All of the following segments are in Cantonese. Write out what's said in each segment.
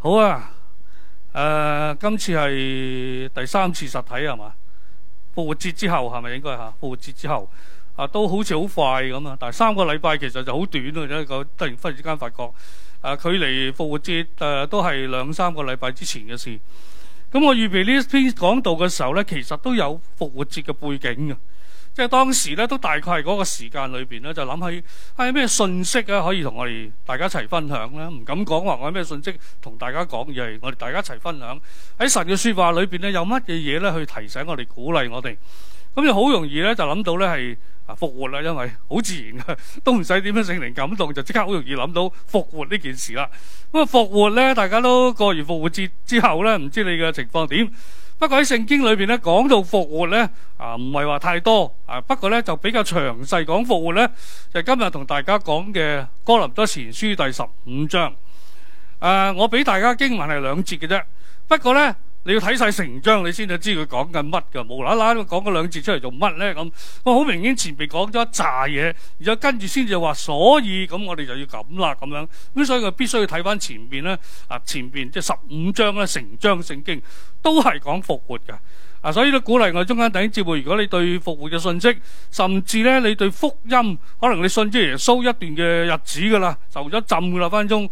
好啊，誒、呃，今次係第三次實體係嘛？復活節之後係咪應該嚇？復活節之後啊，都好似好快咁啊！但係三個禮拜其實就好短啊，真係突然忽然之間發覺，誒、啊，距離復活節誒、啊、都係兩三個禮拜之前嘅事。咁我預備呢篇講道嘅時候呢，其實都有復活節嘅背景嘅。即係當時咧，都大概係嗰個時間裏邊咧，就諗起係咩信息啊，可以同我哋大家一齊分享咧。唔敢講話，我有咩信息同大家講嘢。我哋大家一齊分享。喺神嘅説話裏邊咧，有乜嘅嘢咧，去提醒我哋、鼓勵我哋。咁就好容易咧，就諗到咧係啊復活啦，因為好自然嘅，都唔使點樣聖靈感動，就即刻好容易諗到復活呢件事啦。咁啊復活咧，大家都過完復活節之後咧，唔知你嘅情況點？不過喺聖經裏邊咧，講到復活咧，啊唔係話太多啊，不過咧就比較詳細講復活咧，就係、今日同大家講嘅哥林多前書第十五章。誒、啊，我俾大家經文係兩節嘅啫，不過咧。你要睇晒成章，你先至知佢講緊乜噶。無啦啦，講咗兩字出嚟做乜呢？咁好明顯前面講咗一扎嘢，然後跟住先至話，所以咁我哋就要咁啦咁樣。咁所以佢必須要睇翻前邊呢，啊，前邊即係十五章咧，成章聖經都係講復活嘅。啊，所以都鼓勵我哋中間第一節會。如果你對復活嘅信息，甚至呢你對福音，可能你信主耶穌一段嘅日子噶啦，受咗浸噶啦，分鐘。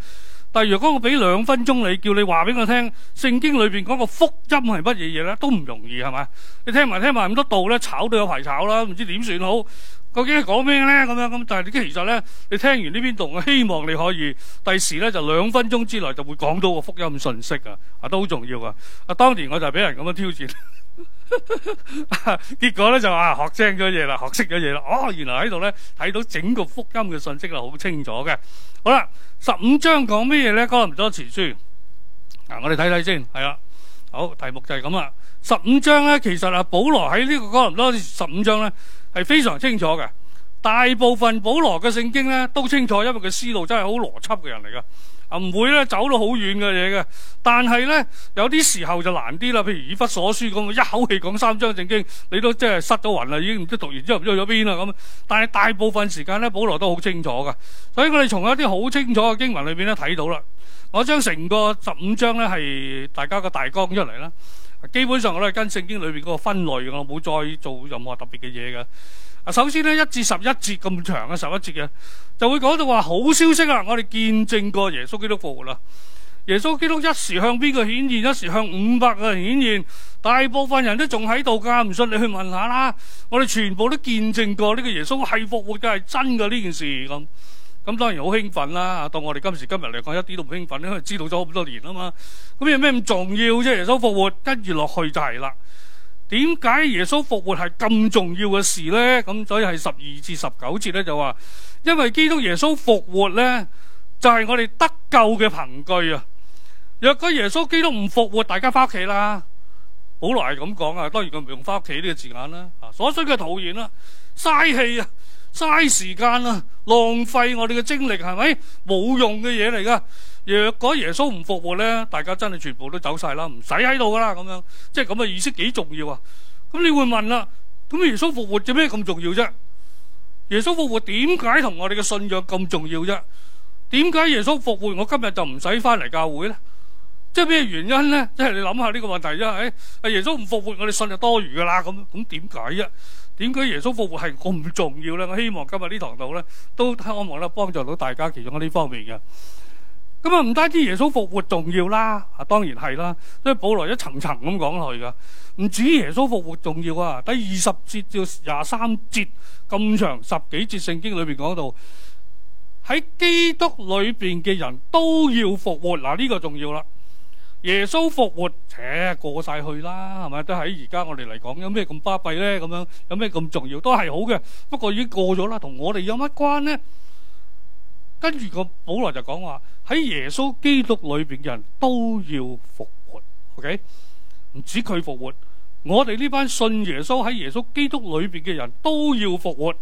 但係如果我俾兩分鐘你，叫你話俾我聽，聖經裏邊嗰個福音係乜嘢嘢咧，都唔容易係嘛？你聽埋聽埋咁多道，咧，炒都有排炒啦，唔知點算好？究竟你講咩咧？咁樣咁，但係其實咧，你聽完呢篇道，我希望你可以第時咧就兩分鐘之內就會講到個福音信息啊，啊都好重要啊！啊，當年我就係俾人咁樣挑戰。 結果咧就話學精咗嘢啦，學識咗嘢啦。哦，原來喺度咧睇到整個福音嘅信息係好清楚嘅。好啦，十五章講咩嘢咧？哥林多前書嗱、啊，我哋睇睇先。係啦、啊，好題目就係咁啦。十五章咧，其實阿保羅喺呢個哥林多十五章咧係非常清楚嘅。大部分保羅嘅聖經咧都清楚，因為佢思路真係好邏輯嘅人嚟噶啊，唔會咧，走咗好遠嘅嘢嘅。但係呢，有啲時候就難啲啦。譬如以弗所書咁，一口氣講三章聖經，你都即係失咗魂啦，已經唔知讀完之後唔知去咗邊啦咁。但係大部分時間呢，保羅都好清楚嘅。所以我哋從一啲好清楚嘅經文裏邊咧睇到啦。我將成個十五章呢係大家個大綱出嚟啦。基本上我咧跟聖經裏邊嗰個分類，我冇再做任何特別嘅嘢嘅。嗱，首先咧一至十一節咁長嘅十一節嘅，就會講到話好消息啊！我哋見證過耶穌基督復活啦。耶穌基督一時向邊個顯現，一時向五百個人顯現，大部分人都仲喺度，唔信你去問下啦。我哋全部都見證過呢個耶穌係復活嘅，係真噶，呢件事咁。咁當然好興奮啦。到我哋今時今日嚟講，一啲都唔興奮，因為知道咗咁多年啦嘛。咁有咩咁重要啫？耶穌復活，跟住落去就係啦。點解耶穌復活係咁重要嘅事呢？咁所以係十二至十九節咧就話，因為基督耶穌復活呢，就係、是、我哋得救嘅憑據啊！若果耶穌基督唔復活，大家翻屋企啦。保羅係咁講啊，當然佢唔用翻屋企呢個字眼啦。所需嘅徒然啦，嘥氣啊，嘥時間啊，浪費我哋嘅精力係咪？冇用嘅嘢嚟噶。若果耶穌唔復活咧，大家真係全部都走晒啦，唔使喺度噶啦，咁樣即係咁嘅意思幾重要啊！咁你會問啦，咁耶穌復活做咩咁重要啫？耶穌復活點解同我哋嘅信仰咁重要啫？點解耶穌復活，我今日就唔使翻嚟教會咧？即係咩原因咧？即係你諗下呢個問題啫。唉、哎，阿耶穌唔復活，我哋信就多餘噶啦。咁咁點解啫？點解耶穌復活係咁重要咧？我希望今日呢堂道咧，都希望咧幫助到大家其中一呢方面嘅。咁啊，唔單止耶穌復活重要啦，啊當然係啦、啊，即係保羅一層層咁講落去噶。唔止耶穌復活重要啊，第二十節到廿三節咁長十幾節聖經裏邊講到喺基督裏邊嘅人都要復活嗱，呢個重要啦。耶穌復活，且、呃、過晒去啦，係咪都喺而家我哋嚟講有咩咁巴閉咧？咁樣有咩咁重要都係好嘅，不過已經過咗啦，同我哋有乜關呢？跟住個保羅就講話。喺耶穌基督裏邊嘅人都要復活，OK？唔止佢復活，我哋呢班信耶穌喺耶穌基督裏邊嘅人都要復活。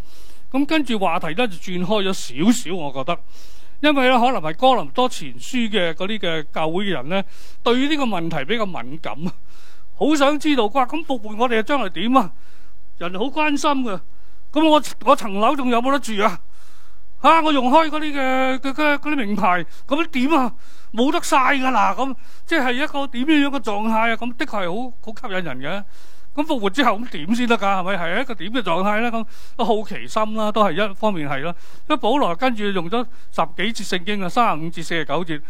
咁跟住話題咧就轉開咗少少，我覺得，因為咧可能係哥林多前書嘅嗰啲嘅教會嘅人咧，對呢個問題比較敏感，好想知道啩，咁復活我哋啊將來點啊？人好關心噶，咁我我層樓仲有冇得住啊？啊！我用開嗰啲嘅啲名牌，咁點啊？冇得晒噶啦咁，即係一個點樣樣嘅狀態啊！咁的確係好好吸引人嘅。咁復活之後咁點先得㗎？係咪係一個點嘅狀態咧？咁好奇心啦、啊，都係一方面係啦、啊。咁保羅跟住用咗十幾節聖經啊，三十五至四十九節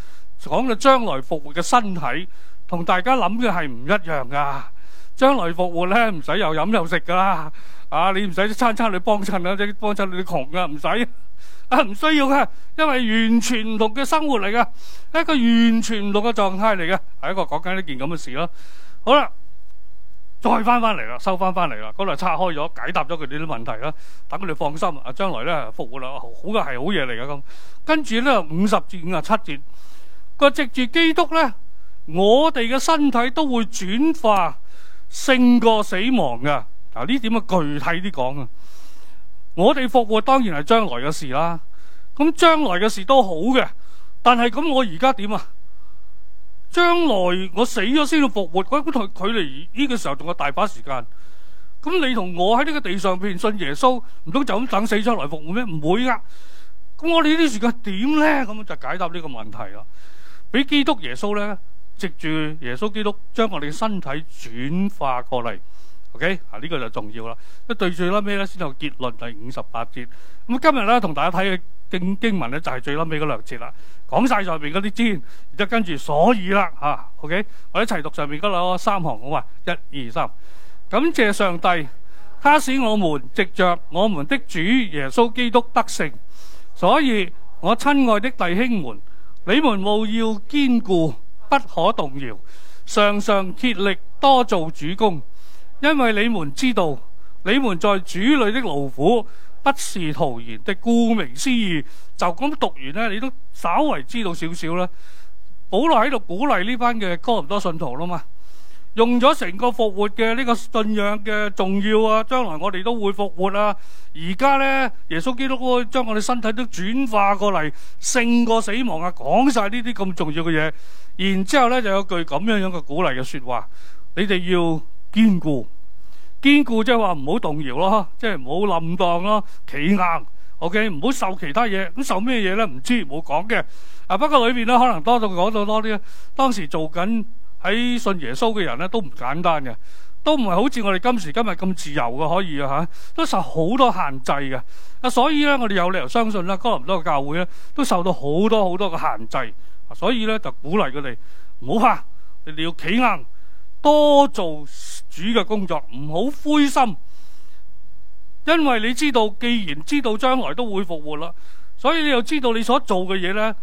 講到將來復活嘅身體，同大家諗嘅係唔一樣噶。將來復活咧，唔使又飲又食噶、啊，啊！你唔使餐餐你幫襯啊，即係幫襯你窮啊，唔使、啊。唔 需要嘅，因為完全唔同嘅生活嚟嘅，一個完全唔同嘅狀態嚟嘅，係一個講緊呢件咁嘅事咯。好啦，再翻翻嚟啦，收翻翻嚟啦，嗰度拆開咗，解答咗佢哋啲問題啦，等佢哋放心。啊，將來咧復活啦，好嘅係好嘢嚟嘅咁。跟住咧，五十至五十七節，個藉住基督咧，我哋嘅身體都會轉化勝過死亡嘅。嗱，呢點啊具體啲講啊。我哋復活當然係將來嘅事啦，咁將來嘅事都好嘅，但係咁我而家點啊？將來我死咗先要復活，嗰個距離呢個時候仲有大把時間。咁你同我喺呢個地上邊信耶穌，唔通就咁等死出來復活咩？唔會噶。咁我哋呢啲時間點咧？咁就解答呢個問題啦。俾基督耶穌咧，藉住耶穌基督將我哋身體轉化過嚟。O、okay? K，啊呢、這個就重要啦。咁對住啦，尾咧先有結論第五十八節。咁、嗯、今日咧同大家睇嘅經經文咧就係、是、最拉尾嗰兩節啦，講晒上面嗰啲節，然後跟住所以啦吓。啊、o、okay? K，我一齊讀上面嗰兩三行。好，我話一二三，感謝上帝，他使我們藉着我們的主耶穌基督得勝。所以我親愛的弟兄們，你們務要堅固，不可動搖，常常竭力多做主工。因為你們知道，你們在主裏的勞苦不是徒然的，顧名思義，就咁讀完咧，你都稍微知道少少啦。保羅喺度鼓勵呢班嘅哥林多信徒啦嘛，用咗成個複活嘅呢個信仰嘅重要啊，將來我哋都會復活啊。而家咧，耶穌基督將我哋身體都轉化過嚟勝過死亡啊，講晒呢啲咁重要嘅嘢。然之後咧，就有句咁樣樣嘅鼓勵嘅說話：你哋要堅固。堅固即係話唔好動搖咯，即係唔好冧盪咯，企硬。O.K. 唔好受其他嘢。咁受咩嘢咧？唔知唔好講嘅。啊，不過裏邊咧，可能多到講到多啲。當時做緊喺信耶穌嘅人咧，都唔簡單嘅，都唔係好似我哋今時今日咁自由嘅可以啊嚇，都受好多限制嘅。啊，所以咧我哋有理由相信啦，哥林多嘅教會咧都受到好多好多嘅限制。啊，所以咧就鼓勵佢哋唔好怕，你哋要企硬。多做主嘅工作，唔好灰心，因為你知道，既然知道將來都會復活啦，所以你又知道你所做嘅嘢咧，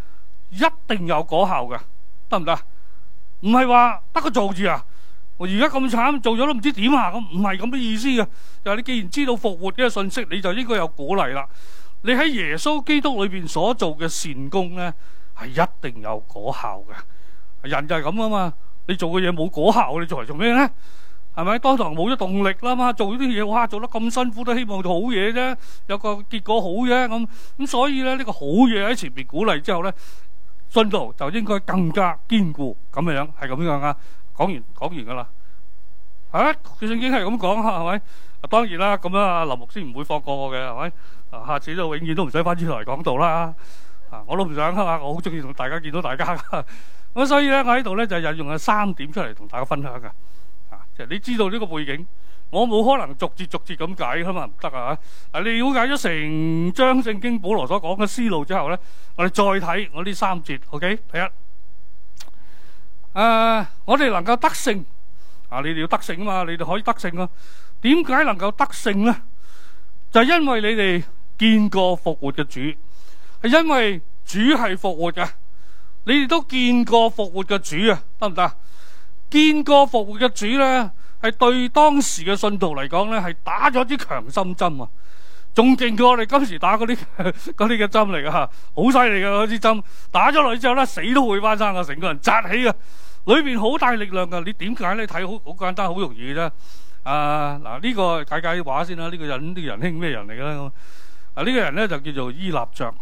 一定有果效嘅，得唔得？唔係話得個做住啊！我而家咁慘，做咗都唔知點咁唔係咁嘅意思嘅。就係、是、你既然知道復活呢個信息，你就應該有鼓勵啦。你喺耶穌基督裏邊所做嘅善功咧，係一定有果效嘅。人就係咁啊嘛。你做嘅嘢冇果效，你做嚟做咩咧？係咪？當堂冇咗動力啦嘛！做呢啲嘢，哇，做得咁辛苦都希望做好嘢啫，有個結果好嘢咁。咁所以咧，呢個好嘢喺前面鼓勵之後咧，進度就應該更加堅固咁樣，係咁樣啊！講完講完噶啦，啊，聖經係咁講啊，係咪？啊，當然啦，咁啊，林牧師唔會放過我嘅，係咪？啊，下次都永遠都唔使翻出嚟講道啦。啊，我都唔想啊，我好中意同大家見到大家。咁所以咧，我喺度咧就係引用咗三點出嚟同大家分享噶，啊，即係你知道呢個背景，我冇可能逐節逐節咁解噶嘛，唔得啊吓。啊，你了解咗成章聖經保羅所講嘅思路之後咧，我哋再睇我呢三節，OK？第一，誒，我哋能夠得勝，啊，你哋要得勝啊嘛，你哋可以得勝咯。點解能夠得勝咧？就因為你哋見過復活嘅主，係因為主係復活嘅。你哋都見過復活嘅主啊，得唔得？見過復活嘅主咧，係對當時嘅信徒嚟講咧，係打咗支強心針啊，仲勁過我哋今時打嗰啲啲嘅針嚟噶嚇，好犀利噶嗰支針，打咗落去之後咧，死都會翻生啊，成個人紮起啊。裏邊好大力量噶。你點解咧？睇好好簡單，好容易嘅啫。啊嗱，呢、呢個解解啲話先啦、啊。呢個呢個呢個、呢、啊呢個人呢個人係咩人嚟噶咧？啊呢個人咧就叫做伊納爵，爵。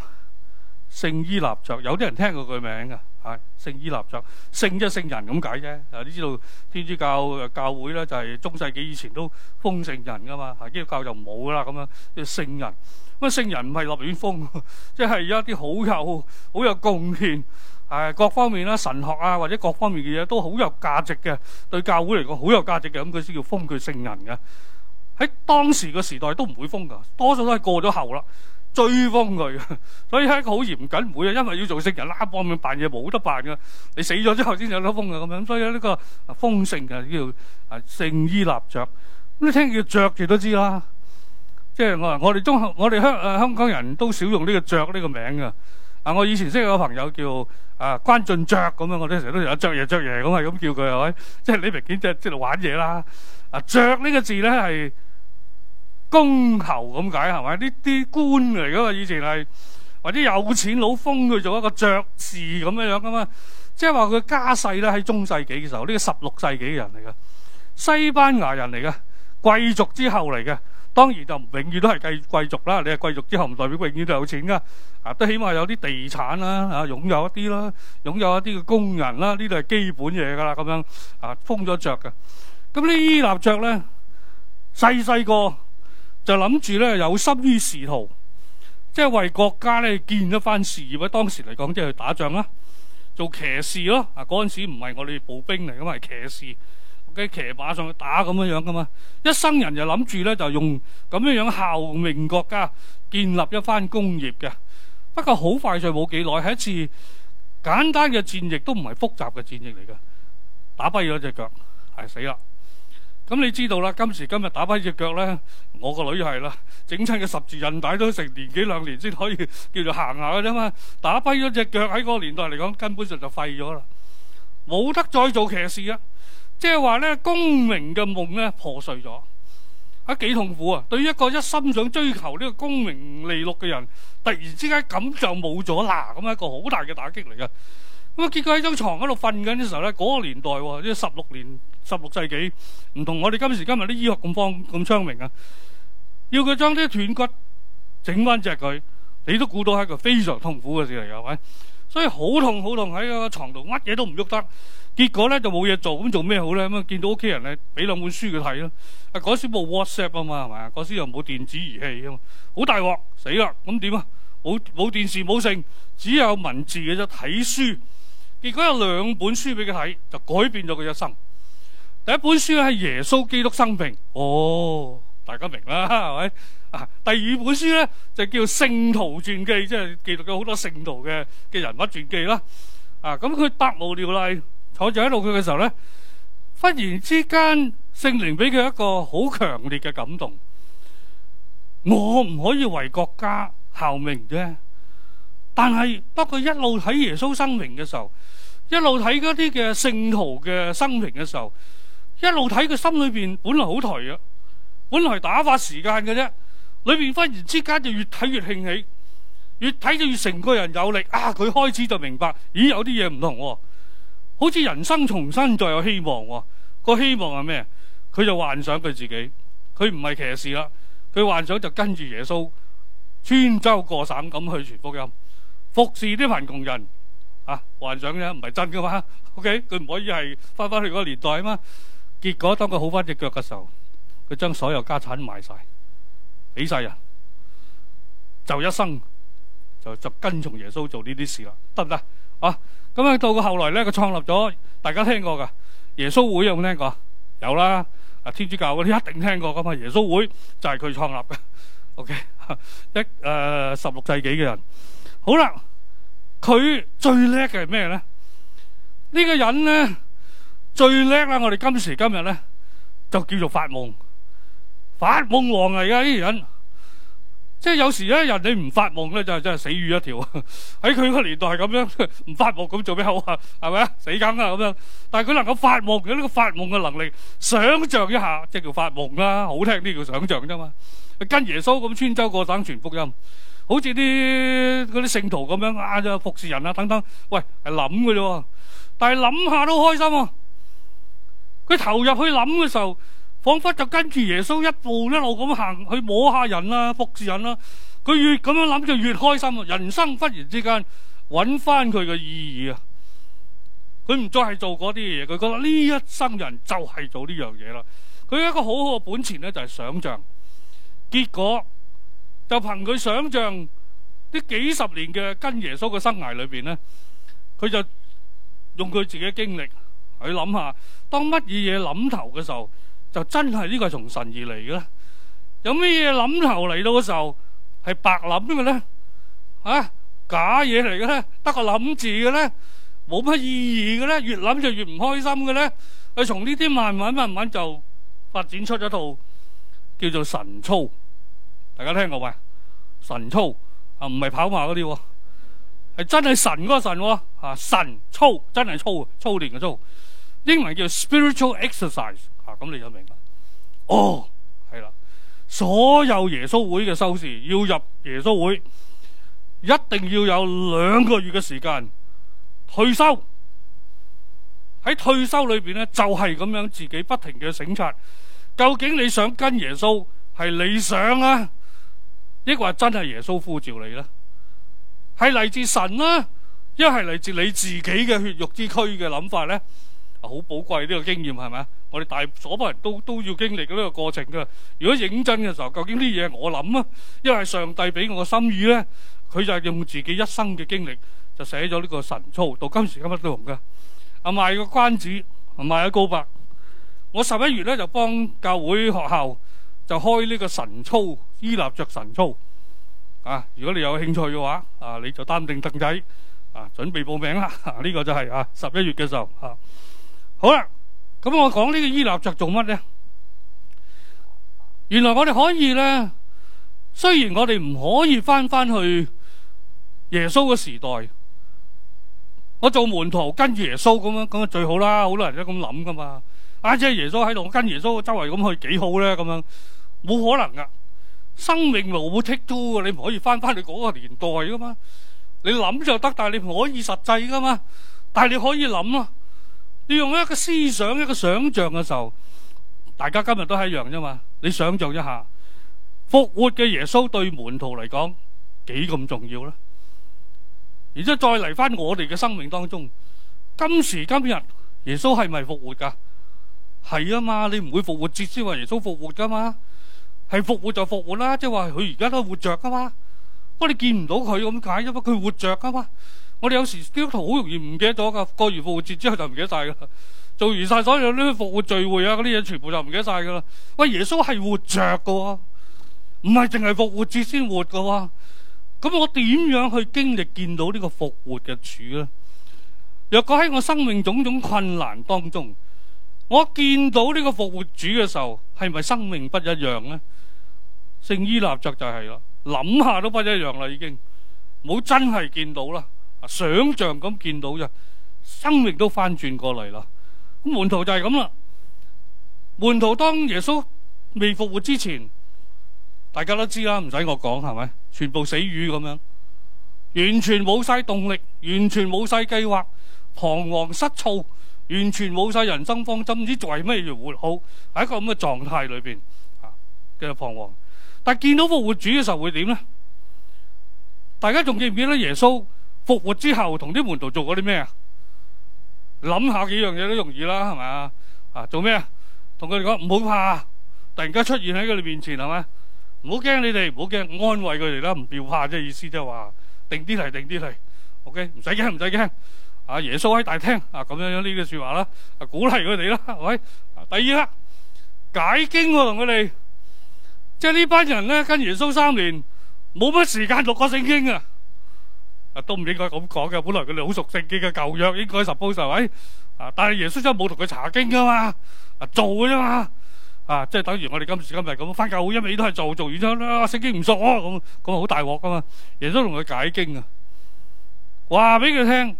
聖依納爵，有啲人聽過佢名噶，吓，聖依納爵，聖就聖人咁解啫。啊，你知道天主教，呃、教會咧，就係中世紀以前都封聖人噶嘛，吓，基督教就冇啦咁樣，叫聖人。乜聖人唔係立亂封，即係一啲好有好有貢獻，係各方面啦神學啊或者各方面嘅嘢都好有價值嘅，對教會嚟講好有價值嘅，咁佢先叫封佢聖人嘅。喺當時嘅時代都唔會封噶，多數都係過咗後啦。追封佢，所以係一個好嚴謹，唔會啊，因為要做聖人，拉幫佢扮嘢冇得扮噶，你死咗之後先有得封啊咁樣，所以呢個封、啊、聖啊叫啊聖依納爵，咁你、嗯、聽叫着住都知啦，即係我話我哋中我哋香啊香港人都少用呢個爵呢個名噶，啊我以前識有個朋友叫啊關進爵咁樣，我哋成日都有「爵嘢爵嘢咁係咁叫佢係咪？即係你明顯即係即係玩嘢啦，啊爵呢個字咧係。公侯咁解係咪？呢啲官嚟㗎嘛？以前係或者有錢佬封佢做一個爵士咁樣樣㗎嘛？即係話佢家世咧喺中世紀嘅時候，呢個十六世紀嘅人嚟嘅西班牙人嚟嘅貴族之後嚟嘅，當然就永遠都係計貴族啦。你係貴族之後，唔代表永遠都有錢㗎。啊，都起碼有啲地產啦，啊，擁有一啲啦，擁有一啲嘅工人啦，呢度係基本嘢㗎啦。咁樣啊，封咗爵㗎咁呢啲立爵咧細細個。就諗住咧有心於仕途，即係為國家咧建一番事業。當時嚟講，即係去打仗啦，做騎士咯。啊，嗰陣時唔係我哋步兵嚟，咁係騎士，喺騎馬上去打咁樣樣噶嘛。一生人就諗住咧，就用咁樣樣效命國家，建立一番功業嘅。不過好快就冇幾耐，係一次簡單嘅戰役，都唔係複雜嘅戰役嚟嘅，打跛咗隻腳，係死啦。咁、嗯、你知道啦，今時今日打跛隻腳咧，我個女係啦，整親個十字韌帶都成年幾兩年先可以叫做行下嘅啫嘛，打跛咗隻腳喺嗰個年代嚟講根本上就廢咗啦，冇得再做騎士啊！即係話咧，功名嘅夢咧破碎咗，啊幾痛苦啊！對於一個一心想追求呢個功名利祿嘅人，突然之間咁就冇咗啦，咁、啊、係一個好大嘅打擊嚟嘅。咁啊！結果喺張床喺度瞓緊嘅時候咧，嗰個年代喎，即係十六年十六世紀，唔同我哋今時今日啲醫學咁方咁昌明啊！要佢將啲斷骨整翻隻佢，你都估到係一個非常痛苦嘅事嚟，係咪？所以好痛好痛喺個床度，乜嘢都唔喐得。結果咧就冇嘢做，咁做咩好咧？咁啊，見到屋企人咧，俾兩本書佢睇咯。啊，嗰時冇 WhatsApp 啊嘛，係咪啊？嗰時又冇電子儀器啊嘛，好大鑊死啦！咁點啊？冇冇電視冇剩，只有文字嘅啫，睇書。結果有兩本書俾佢睇，就改變咗佢一生。第一本書係耶穌基督生平，哦，大家明啦，係咪？啊，第二本書咧就叫聖徒傳記，即係記錄咗好多聖徒嘅嘅人物傳記啦。啊，咁佢百無聊賴坐住喺度佢嘅時候咧，忽然之間聖靈俾佢一個好強烈嘅感動，我唔可以為國家效命啫。但係不過一路睇耶穌生平嘅時候，一路睇嗰啲嘅聖徒嘅生平嘅時候，一路睇佢心裏邊本來好頹啊，本來打發時間嘅啫，裏邊忽然之間就越睇越興起，越睇就越成個人有力啊。佢開始就明白咦，有啲嘢唔同喎，好似人生重新再有希望喎。個希望係咩？佢就幻想佢自己，佢唔係騎士啦，佢幻想就跟住耶穌，穿州過省咁去傳福音。服侍啲貧窮人，嚇、啊、幻想嘅，唔係真嘅嘛。O.K. 佢唔可以係翻返去個年代啊嘛。結果當佢好翻隻腳嘅時候，佢將所有家產賣晒，俾晒人，就一生就就跟從耶穌做呢啲事啦，得唔得啊？咁啊，到個後來咧，佢創立咗大家聽過嘅耶穌會，有冇聽過？有啦，啊天主教嗰啲一定聽過噶嘛。耶穌會就係佢創立嘅。O.K. 一誒十六世紀嘅人。好啦，佢最叻嘅係咩咧？呢、這個人咧最叻啦！我哋今時今日咧就叫做發夢，發夢王嚟噶呢個人。即係有時呢，人呢，一人哋唔發夢咧，就真係死魚一條。喺佢個年代係咁樣，唔發夢咁做咩好啊？係咪啊？死梗啊咁樣。但係佢能夠發夢，佢呢個發夢嘅能力，想象一下即係、就是、叫發夢啦，好聽啲叫想象啫嘛。跟耶穌咁穿州過省傳福音。好似啲嗰啲聖徒咁樣啊，就、啊、服侍人啊等等。喂，係諗嘅啫，但係諗下都開心，啊。佢投入去諗嘅時候，仿佛就跟住耶穌一步一路咁行，去摸下人啦，啊，服侍人啦，啊。佢越咁樣諗就越開心。人生忽然之間搵翻佢嘅意義啊！佢唔再係做嗰啲嘢，佢覺得呢一生人就係做呢樣嘢啦。佢有一個好好嘅本錢咧就係、是、想象，結果。就憑佢想象，呢幾十年嘅跟耶穌嘅生涯裏邊咧，佢就用佢自己經歷去諗下，當乜嘢嘢諗頭嘅時候，就真係呢個係從神而嚟嘅咧。有咩嘢諗頭嚟到嘅時候，係白諗嘅咧，吓假嘢嚟嘅咧，得個諗字嘅咧，冇乜意義嘅咧，越諗就越唔開心嘅咧。佢從呢啲慢慢慢慢就發展出咗一套叫做神操。大家聽過未？神操啊，唔係跑馬嗰啲，係真係神嗰個神吓。神操、啊、神操真係操，操練嘅操，英文叫 spiritual exercise 吓、啊。咁你就明白哦，係啦。所有耶穌會嘅修士要入耶穌會，一定要有兩個月嘅時間退修喺退修裏邊咧，就係、是、咁樣自己不停嘅省察，究竟你想跟耶穌係你想啊？亦或係真係耶穌呼召你咧，係嚟自神啦，一係嚟自你自己嘅血肉之軀嘅諗法咧，好寶貴呢個經驗係咪啊？我哋大所不人都都要經歷呢個過程噶如果認真嘅時候，究竟呢嘢，我諗啊，因為上帝俾我嘅心意咧，佢就係用自己一生嘅經歷就寫咗呢個神操，到今時今日都用噶。啊，賣個關子，賣個告白，我十一月咧就幫教會學校就開呢個神操。伊立着神操啊！如果你有興趣嘅話啊，你就擔定凳仔啊，準備報名啦。呢、啊這個就係、是、啊十一月嘅時候啊。好啦，咁、嗯、我講呢個伊立着做乜呢？原來我哋可以咧，雖然我哋唔可以翻翻去耶穌嘅時代，我做門徒跟住耶穌咁樣咁啊，最好啦。好多人都咁諗噶嘛。啊，姐、就是，耶穌喺度，我跟耶穌周圍咁去幾好咧？咁樣冇可能噶。生命冇 take two 嘅，你唔可以翻翻你嗰個年代噶嘛。你諗就得，但係你唔可以實際噶嘛。但係你可以諗啊。你用一個思想，一個想象嘅時候，大家今日都係一樣啫嘛。你想象一下復活嘅耶穌對門徒嚟講幾咁重要啦。然之後再嚟翻我哋嘅生命當中，今時今日耶穌係咪復活噶？係啊嘛，你唔會復活，只知話耶穌復活噶嘛。係復活就復活啦，即係話佢而家都係活着噶嘛，嘛。喂，你見唔到佢咁解，因為佢活着噶嘛。我哋有時基督徒好容易唔記得咗噶，過完復活節之後就唔記得晒噶。做完晒所有呢啲復活聚會啊，嗰啲嘢全部就唔記得晒噶啦。喂，耶穌係活着噶，啊，唔係淨係復活節先活噶，啊。咁我點樣去經歷見到個復呢個復活嘅主咧？若果喺我生命種種困難當中，我見到呢個復活主嘅時候，係咪生命不一樣咧？聖依納爵就係咯，諗下都不一樣啦，已經冇真係見到啦，想象咁見到啫，生命都翻轉過嚟啦。咁門徒就係咁啦，門徒當耶穌未復活之前，大家都知啦，唔使我講係咪？全部死魚咁樣，完全冇晒動力，完全冇晒計劃，彷徨失措，完全冇晒人生方針，唔知做咩要活好，喺一個咁嘅狀態裏邊跟住彷徨。但見到復活主嘅時候會點咧？大家仲記唔記得耶穌復活之後同啲門徒做過啲咩啊？諗下幾樣嘢都容易啦，係咪啊？做咩啊？同佢哋講唔好怕，突然間出現喺佢哋面前係咪？唔好驚你哋，唔好驚，安慰佢哋啦，唔要怕，即係意思即係話定啲嚟，定啲嚟，OK，唔使驚，唔使驚。啊，耶穌喺大廳，啊咁樣樣呢句說話啦，啊鼓勵佢哋啦，係咪？啊，第二刻解經同佢哋。即係呢班人咧，跟耶穌三年，冇乜時間讀過聖經啊！啊，都唔應該咁講嘅。本來佢哋好熟聖經嘅舊約應，應該十步十位，啊，但係耶穌真係冇同佢查經噶嘛，啊，做啫嘛，啊，即係等於我哋今時今日咁返教會一味都係做，做完之後咧，聖經唔熟啊，咁，咁好大鑊噶嘛！耶穌同佢解經啊，話俾佢聽，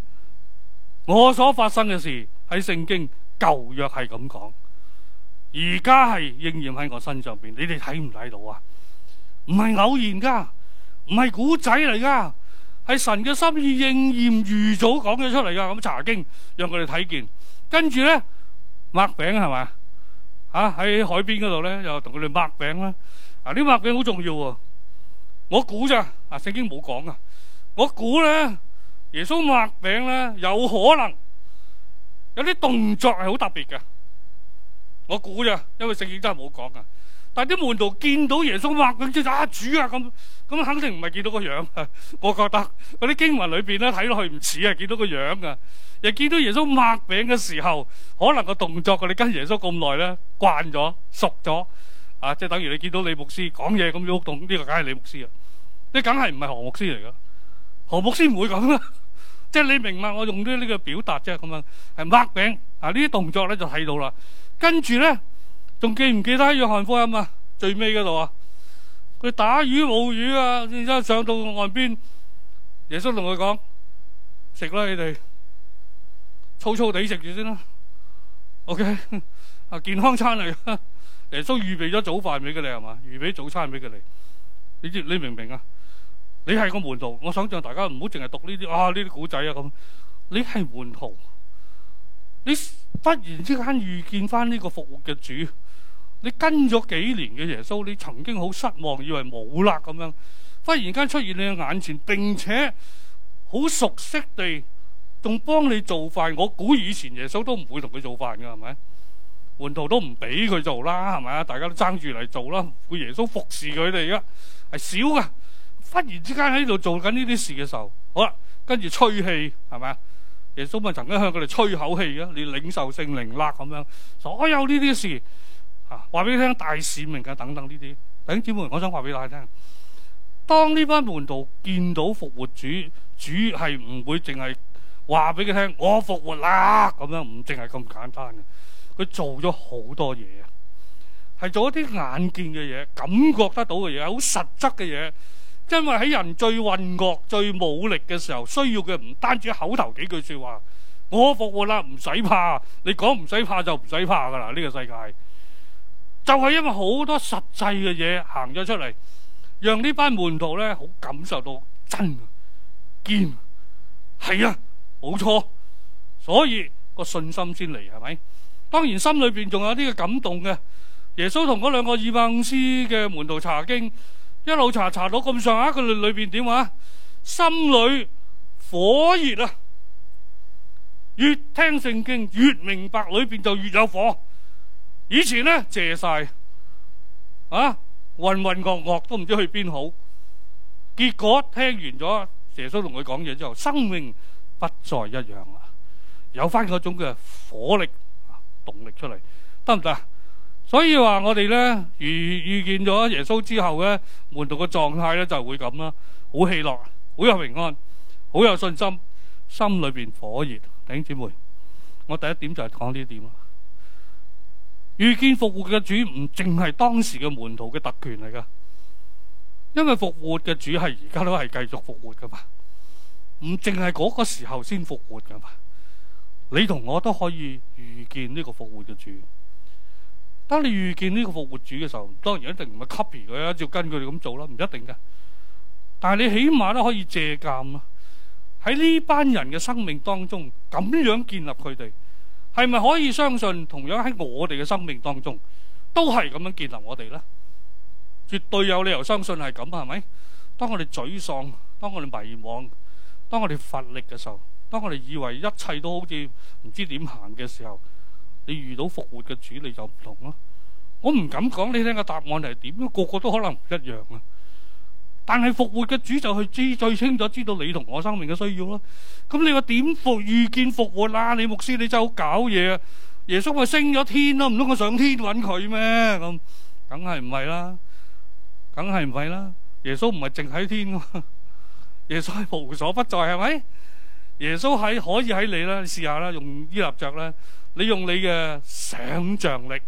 我所發生嘅事喺聖經舊約係咁講。而家係應驗喺我身上邊，你哋睇唔睇到啊？唔係偶然噶，唔係古仔嚟噶，係神嘅心意應驗預早講咗出嚟噶。咁查經讓佢哋睇見，跟住咧擘餅係咪？吓喺海邊嗰度咧，又同佢哋擘餅啦。啊，呢擘餅好重要喎。我估咋啊？聖經冇講噶，我估咧耶穌擘餅咧有可能有啲動作係好特別嘅。我估啊，因為聖經真係冇講啊。但係啲門徒見到耶穌擘佢隻手主啊咁咁，肯定唔係見到個樣啊。我覺得嗰啲經文裏邊咧睇落去唔似啊，見到個樣啊，又見到耶穌擘餅嘅時候，可能個動作，你跟耶穌咁耐咧慣咗熟咗啊，即係等於你見到李牧師講嘢咁喐動，呢、這個梗係李牧師啊，你梗係唔係何牧師嚟噶？何牧師唔會咁啦，啊，即係你明白我用咗呢個表達啫。咁樣係擘餅啊，呢啲動作咧就睇到啦。跟住咧，仲記唔記得喺約翰福音啊？最尾嗰度啊，佢打魚冇魚啊，然之後上到岸邊，耶穌同佢講：食啦，你哋，粗粗地食住先啦。OK，啊 健康餐嚟， 耶穌預備咗早飯俾佢哋係嘛，預備早餐俾佢哋。你知你明唔明啊？你係個門徒，我想象大家唔好淨係讀呢啲啊呢啲古仔啊咁，你係門徒。你忽然之間遇見翻，呢個復活嘅主，你跟咗幾年嘅耶穌，你曾經好失望，以為冇啦咁樣，忽然間出現你嘅眼前，並且好熟悉地仲幫你做飯，我估以前耶穌都唔會同佢做飯嘅，係咪？門徒都唔俾佢做啦，係咪啊？大家都爭住嚟做啦，佢耶穌服侍佢哋嘅係少噶，忽然之間喺度做緊呢啲事嘅時候，好啦，跟住吹氣係咪？耶穌咪曾經向佢哋吹口氣嘅，你領受聖靈啦咁樣，所有呢啲事嚇話俾你聽，大使命啊等等呢啲。弟兄姊妹，我想話俾大家聽，當呢班門徒見到復活主，主係唔會淨係話俾佢聽我復活啦咁樣，唔淨係咁簡單嘅，佢做咗好多嘢啊，係做一啲眼見嘅嘢、感覺得到嘅嘢、好實質嘅嘢。因為喺人最混惡、最無力嘅時候，需要嘅唔單止口頭幾句說話，我復活啦，唔使怕，你講唔使怕就唔使怕噶啦。呢、這個世界就係、是、因為好多實際嘅嘢行咗出嚟，讓呢班門徒咧好感受到真堅。係啊，冇錯，所以個信心先嚟係咪？當然心裏邊仲有啲嘅感動嘅。耶穌同嗰兩個二百五師嘅門徒查經。一路查查到咁上下，佢裏裏邊點啊？心裏火熱啊！越聽聖經越明白，裏邊就越有火。以前呢，謝晒，啊渾渾噩噩都唔知去邊好。結果聽完咗耶穌同佢講嘢之後，生命不再一樣啦，有翻嗰種嘅火力、動力出嚟，得唔得啊？所以話我哋咧遇遇見咗耶穌之後咧，門徒嘅狀態咧就會咁啦，好喜樂，好有平安，好有信心，心裏面火熱。弟兄姊妹，我第一點就係講呢點啦。遇見復活嘅主唔淨係當時嘅門徒嘅特權嚟噶，因為復活嘅主係而家都係繼續復活噶嘛，唔淨係嗰個時候先復活噶嘛。你同我都可以遇見呢個復活嘅主。當你遇見呢個復活主嘅時候，當然一定唔係 copy 佢啊，照跟佢哋咁做啦，唔一定嘅。但係你起碼都可以借鑑啦。喺呢班人嘅生命當中咁樣建立佢哋，係咪可以相信同樣喺我哋嘅生命當中都係咁樣建立我哋呢？絕對有理由相信係咁，係咪？當我哋沮喪，當我哋迷惘，當我哋乏力嘅時候，當我哋以為一切都好似唔知點行嘅時候。你遇到復活嘅主，你就唔同咯。我唔敢講你聽嘅答案係點，個個都可能唔一樣啊。但係復活嘅主就去知最清楚，知道你同我生命嘅需要咯。咁你話點復遇見復活啦、啊，你牧師你真係好搞嘢啊！耶穌咪升咗天咯、啊？唔通我上天揾佢咩？咁，梗係唔係啦，梗係唔係啦。耶穌唔係淨喺天、啊，耶穌係無所不在係咪？耶穌喺可以喺你啦，你試下啦，用伊立着啦。你用你嘅想象力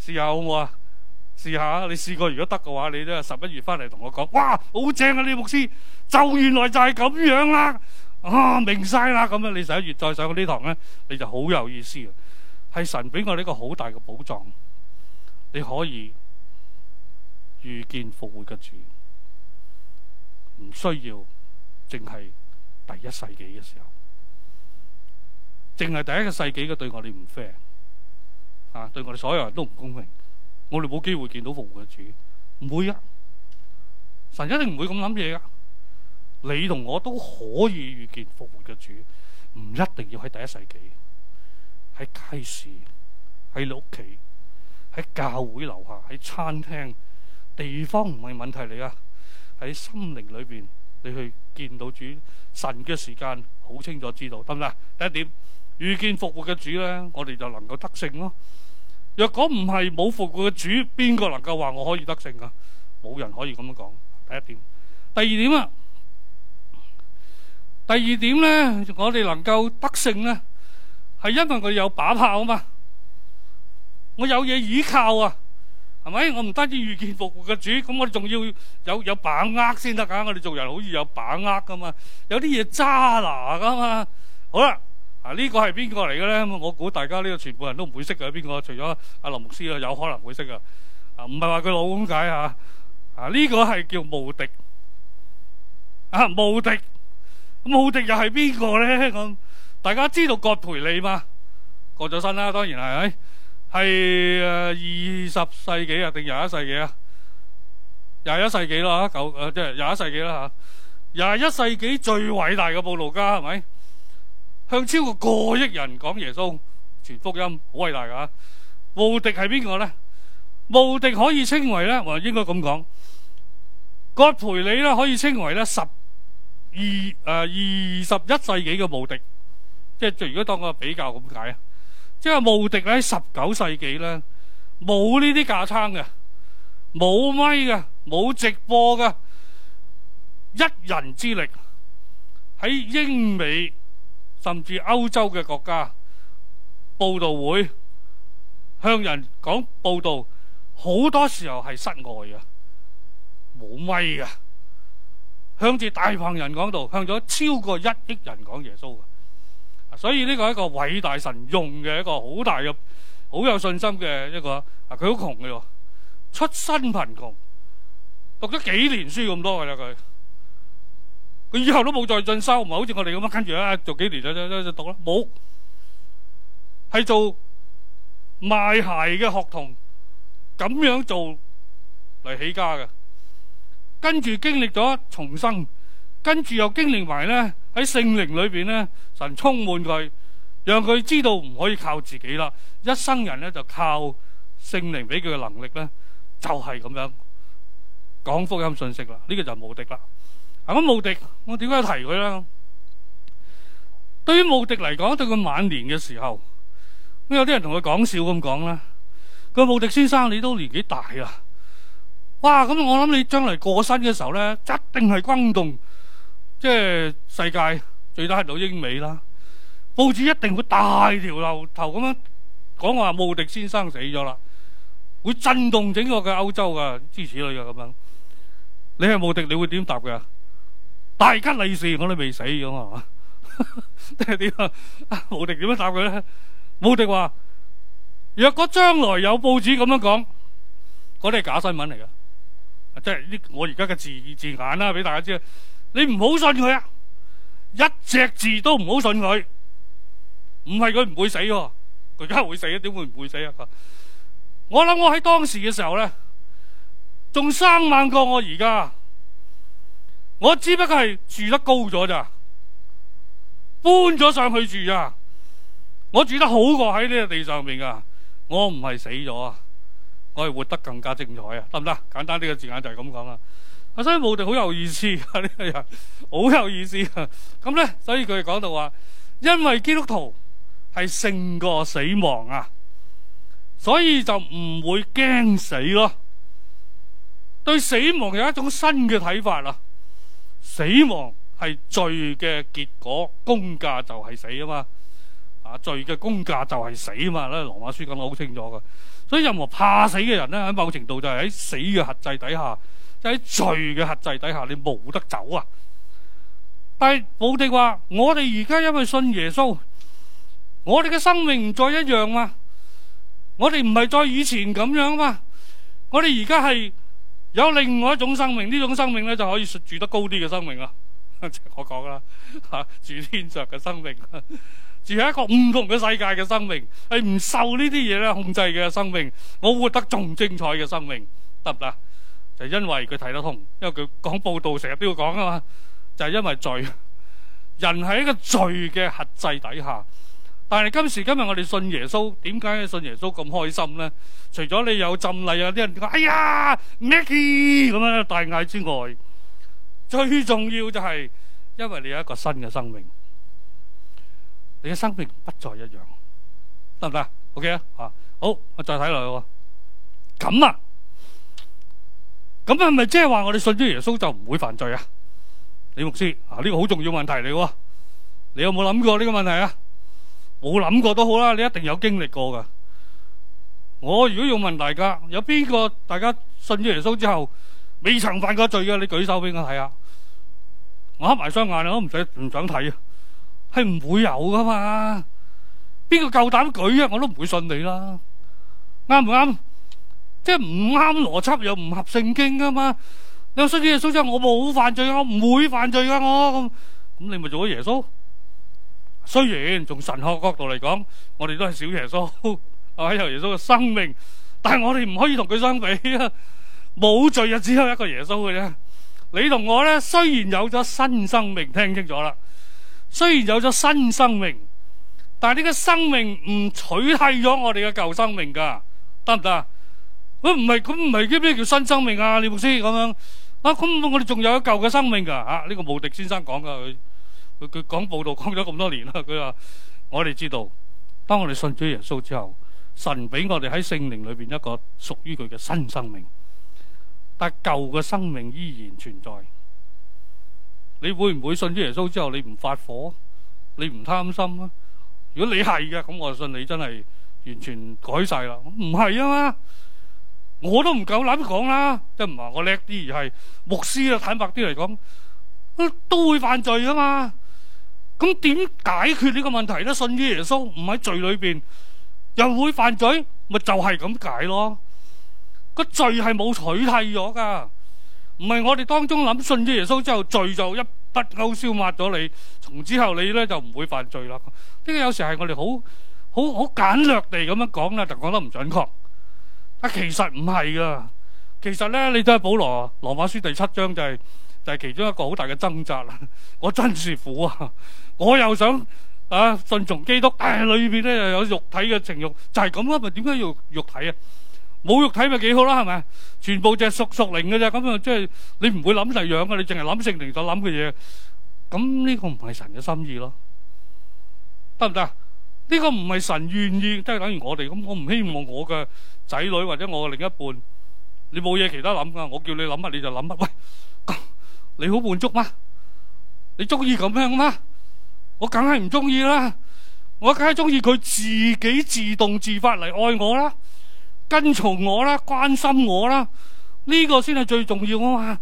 試下好唔好啊？試下，你試過如果得嘅話，你都係十一月翻嚟同我講，哇，好正啊！呢牧師就原來就係咁樣啦，啊，明晒啦！咁樣你十一月再上過呢堂咧，你就好有意思嘅，係神俾我呢個好大嘅寶藏，你可以遇見復活嘅主，唔需要淨係第一世紀嘅時候。淨係第一個世紀嘅對我哋唔 fair，吓，對我哋所有人都唔公平。我哋冇機會見到復活嘅主，唔會啊！神一定唔會咁諗嘢噶。你同我都可以遇見復活嘅主，唔一定要喺第一世紀，喺街市，喺你屋企，喺教會樓下，喺餐廳，地方唔係問題嚟啊。喺心靈裏邊，你去見到主，神嘅時間好清楚知道，得唔得？第一點。遇見復活嘅主咧，我哋就能夠得勝咯。若果唔係冇復活嘅主，邊個能夠話我可以得勝噶冇人可以咁樣講。第一點，第二點啊，第二點咧，我哋能夠得勝咧，係因為佢有把炮啊嘛。我有嘢依靠啊，係咪？我唔單止遇見復活嘅主，咁我哋仲要有有把握先得噶。我哋做人好似有把握噶嘛，有啲嘢揸拿噶嘛。好啦。啊！這個、個呢個係邊個嚟嘅咧？我估大家呢個全部人都唔會識嘅，邊個？除咗阿、啊、林牧師啦，有可能會識嘅。啊，唔係話佢老咁解嚇。啊，呢個係叫慕迪。啊，慕迪，慕、啊、迪又係邊個咧？咁、啊、大家知道葛培利嘛？過咗身啦，當然係，係二十世紀啊，定廿一世紀啊？廿一世紀、啊、啦，九、啊、即係廿一世紀啦嚇。廿、啊、一世紀、啊、最偉大嘅布道家係咪？是向超過過億人講耶穌全福音，好偉大噶！慕迪係邊個咧？慕迪可以稱為咧，我應該咁講，葛培理咧可以稱為咧十二誒、呃、二十一世紀嘅慕迪，即係如果當個比較咁解啊！即係慕迪喺十九世紀咧冇呢啲架撐嘅，冇咪嘅，冇直播嘅，一人之力喺英美。甚至歐洲嘅國家報道會向人講報道，好多時候係室外啊，冇咪啊，向住大羣人講道，向咗超過一億人講耶穌啊！所以呢個係一個偉大神用嘅一個好大嘅、好有信心嘅一個啊，佢好窮嘅喎，出身貧窮，讀咗幾年書咁多嘅啦佢。佢以後都冇再進修，唔係好似我哋咁樣啊！跟住咧，做幾年就就就讀啦，冇係做賣鞋嘅學童，咁樣做嚟起家嘅。跟住經歷咗重生，跟住又經歷埋咧喺聖靈裏邊咧，神充滿佢，讓佢知道唔可以靠自己啦。一生人咧就靠聖靈俾佢嘅能力咧，就係咁樣講福音信息啦。呢個就無敵啦。咁慕迪，我點解提佢咧？對於慕迪嚟講，對佢晚年嘅時候，咁有啲人同佢講笑咁講啦。個慕迪先生，你都年紀大啊！哇！咁我諗你將嚟過身嘅時候咧，一定係轟動，即係世界最低喺度英美啦，報紙一定會大條頭條咁樣講話，慕迪先生死咗啦，會震動整個嘅歐洲噶，支持佢噶咁樣。你係慕迪，你會點答嘅？大吉利是，我都未死咁嘛？即係點啊？吳、啊、迪點樣答佢咧？吳迪話：若果將來有報紙咁樣講，嗰啲係假新聞嚟噶。即係呢，我而家嘅字字眼啦、啊，俾大家知啊！你唔好信佢啊！一隻字都唔好信佢。唔係佢唔會死喎，佢而家會死啊？點會唔會，會死啊？我諗我喺當時嘅時候咧，仲生猛過我而家。我只不過係住得高咗咋，搬咗上去住啊！我住得好過喺呢個地上邊啊！我唔係死咗啊，我係活得更加精彩啊，得唔得？簡單呢個字眼就係咁講啊！所以冇迪好有意思啊，呢個人好有意思啊。咁咧，所以佢講到話，因為基督徒係勝過死亡啊，所以就唔會驚死咯、啊，對死亡有一種新嘅睇法啦、啊。死亡係罪嘅結果，工價就係死啊嘛！啊，罪嘅工價就係死啊嘛！咧、啊，羅馬書講得好清楚噶。所以任何怕死嘅人咧，喺某程度就係喺死嘅轄制底下，就喺、是、罪嘅轄制底下，你冇得走啊！但係我哋話，我哋而家因為信耶穌，我哋嘅生命唔再一樣嘛，我哋唔係再以前咁樣啊嘛，我哋而家係。有另外一種生命，呢種生命咧就可以住得高啲嘅生命 就係！我講啦，嚇住天上嘅生命， 住喺一個唔同嘅世界嘅生命，係唔受呢啲嘢咧控制嘅生命，我活得仲精彩嘅生命得唔得？就係、因為佢睇得通，因為佢講報道成日都要講啊嘛，就係、係、因為罪，人喺一個罪嘅轄制底下。但係今時今日，我哋信耶穌，點解信耶穌咁開心咧？除咗你有浸禮啊，啲人講哎呀，Mickey 咁樣大嗌之外，最重要就係因為你有一個新嘅生命，你嘅生命不再一樣，得唔得？OK 啊，啊好，我再睇落去，咁啊，咁係咪即係話我哋信咗耶穌就唔會犯罪啊？李牧師啊，呢個好重要問題嚟，你有冇諗過呢個問題啊？冇諗過都好啦，你一定有經歷過噶。我如果要問大家，有邊個大家信咗耶穌之後未曾犯過罪嘅？你舉手俾我睇下。我合埋雙眼我都唔想唔想睇啊，係唔會有噶嘛？邊個夠膽舉啊？我都唔會信你啦，啱唔啱？即係唔啱邏輯又唔合聖經噶嘛？你話信耶穌之後，我冇犯罪，我唔會犯罪噶，我咁咁你咪做咗耶穌。雖然從神學角度嚟講，我哋都係小耶穌啊，喺由耶穌嘅生命，但係我哋唔可以同佢相比啊！冇罪啊，只有一個耶穌嘅啫。你同我咧，雖然有咗新生命，聽清楚啦，雖然有咗新生命，但係呢個生命唔取替咗我哋嘅舊生命噶，得唔得？佢唔係，佢唔係叫咩叫新生命啊？你唔知咁樣啊？咁、啊啊嗯、我哋仲有一舊嘅生命噶吓？呢、啊這個慕迪先生講噶。佢佢講報道講咗咁多年啦，佢話我哋知道，當我哋信咗耶穌之後，神俾我哋喺聖靈裏邊一個屬於佢嘅新生命，但係舊嘅生命依然存在。你會唔會信咗耶穌之後你唔發火，你唔貪心啊？如果你係嘅，咁我就信你真係完全改晒啦。唔係啊嘛，我都唔夠膽講啦，即係唔係我叻啲而係牧師啊，坦白啲嚟講，都會犯罪噶嘛。咁點解決呢個問題咧？信耶穌唔喺罪裏邊，又會犯罪，咪就係、是、咁解咯？個罪係冇取締咗噶，唔係我哋當中諗信耶穌之後，罪就一筆勾銷抹咗你，從之後你咧就唔會犯罪啦。呢個有時係我哋好好好簡略地咁樣講啦，就講得唔準確。啊，其實唔係噶，其實咧你睇保羅羅馬書第七章就係、是、就係、是、其中一個好大嘅掙扎啦。 我真是苦啊！我又想啊，順從基督，但、哎、係裏邊咧又有肉體嘅情欲，就係咁啦。咪點解要肉體啊？冇肉體咪幾好啦，係咪？全部只屬屬靈就係屬屬靈嘅啫。咁啊，即係你唔會諗晒樣嘅，你淨係諗聖靈所諗嘅嘢。咁呢個唔係神嘅心意咯，得唔得？呢、這個唔係神願意，即係等於我哋咁。我唔希望我嘅仔女或者我嘅另一半，你冇嘢其他諗噶，我叫你諗下你就諗乜。喂，你好滿足嗎？你中意咁樣嗎？我梗係唔中意啦，我梗係中意佢自己自動自發嚟愛我啦，跟從我啦，關心我啦，呢個先係最重要啊嘛。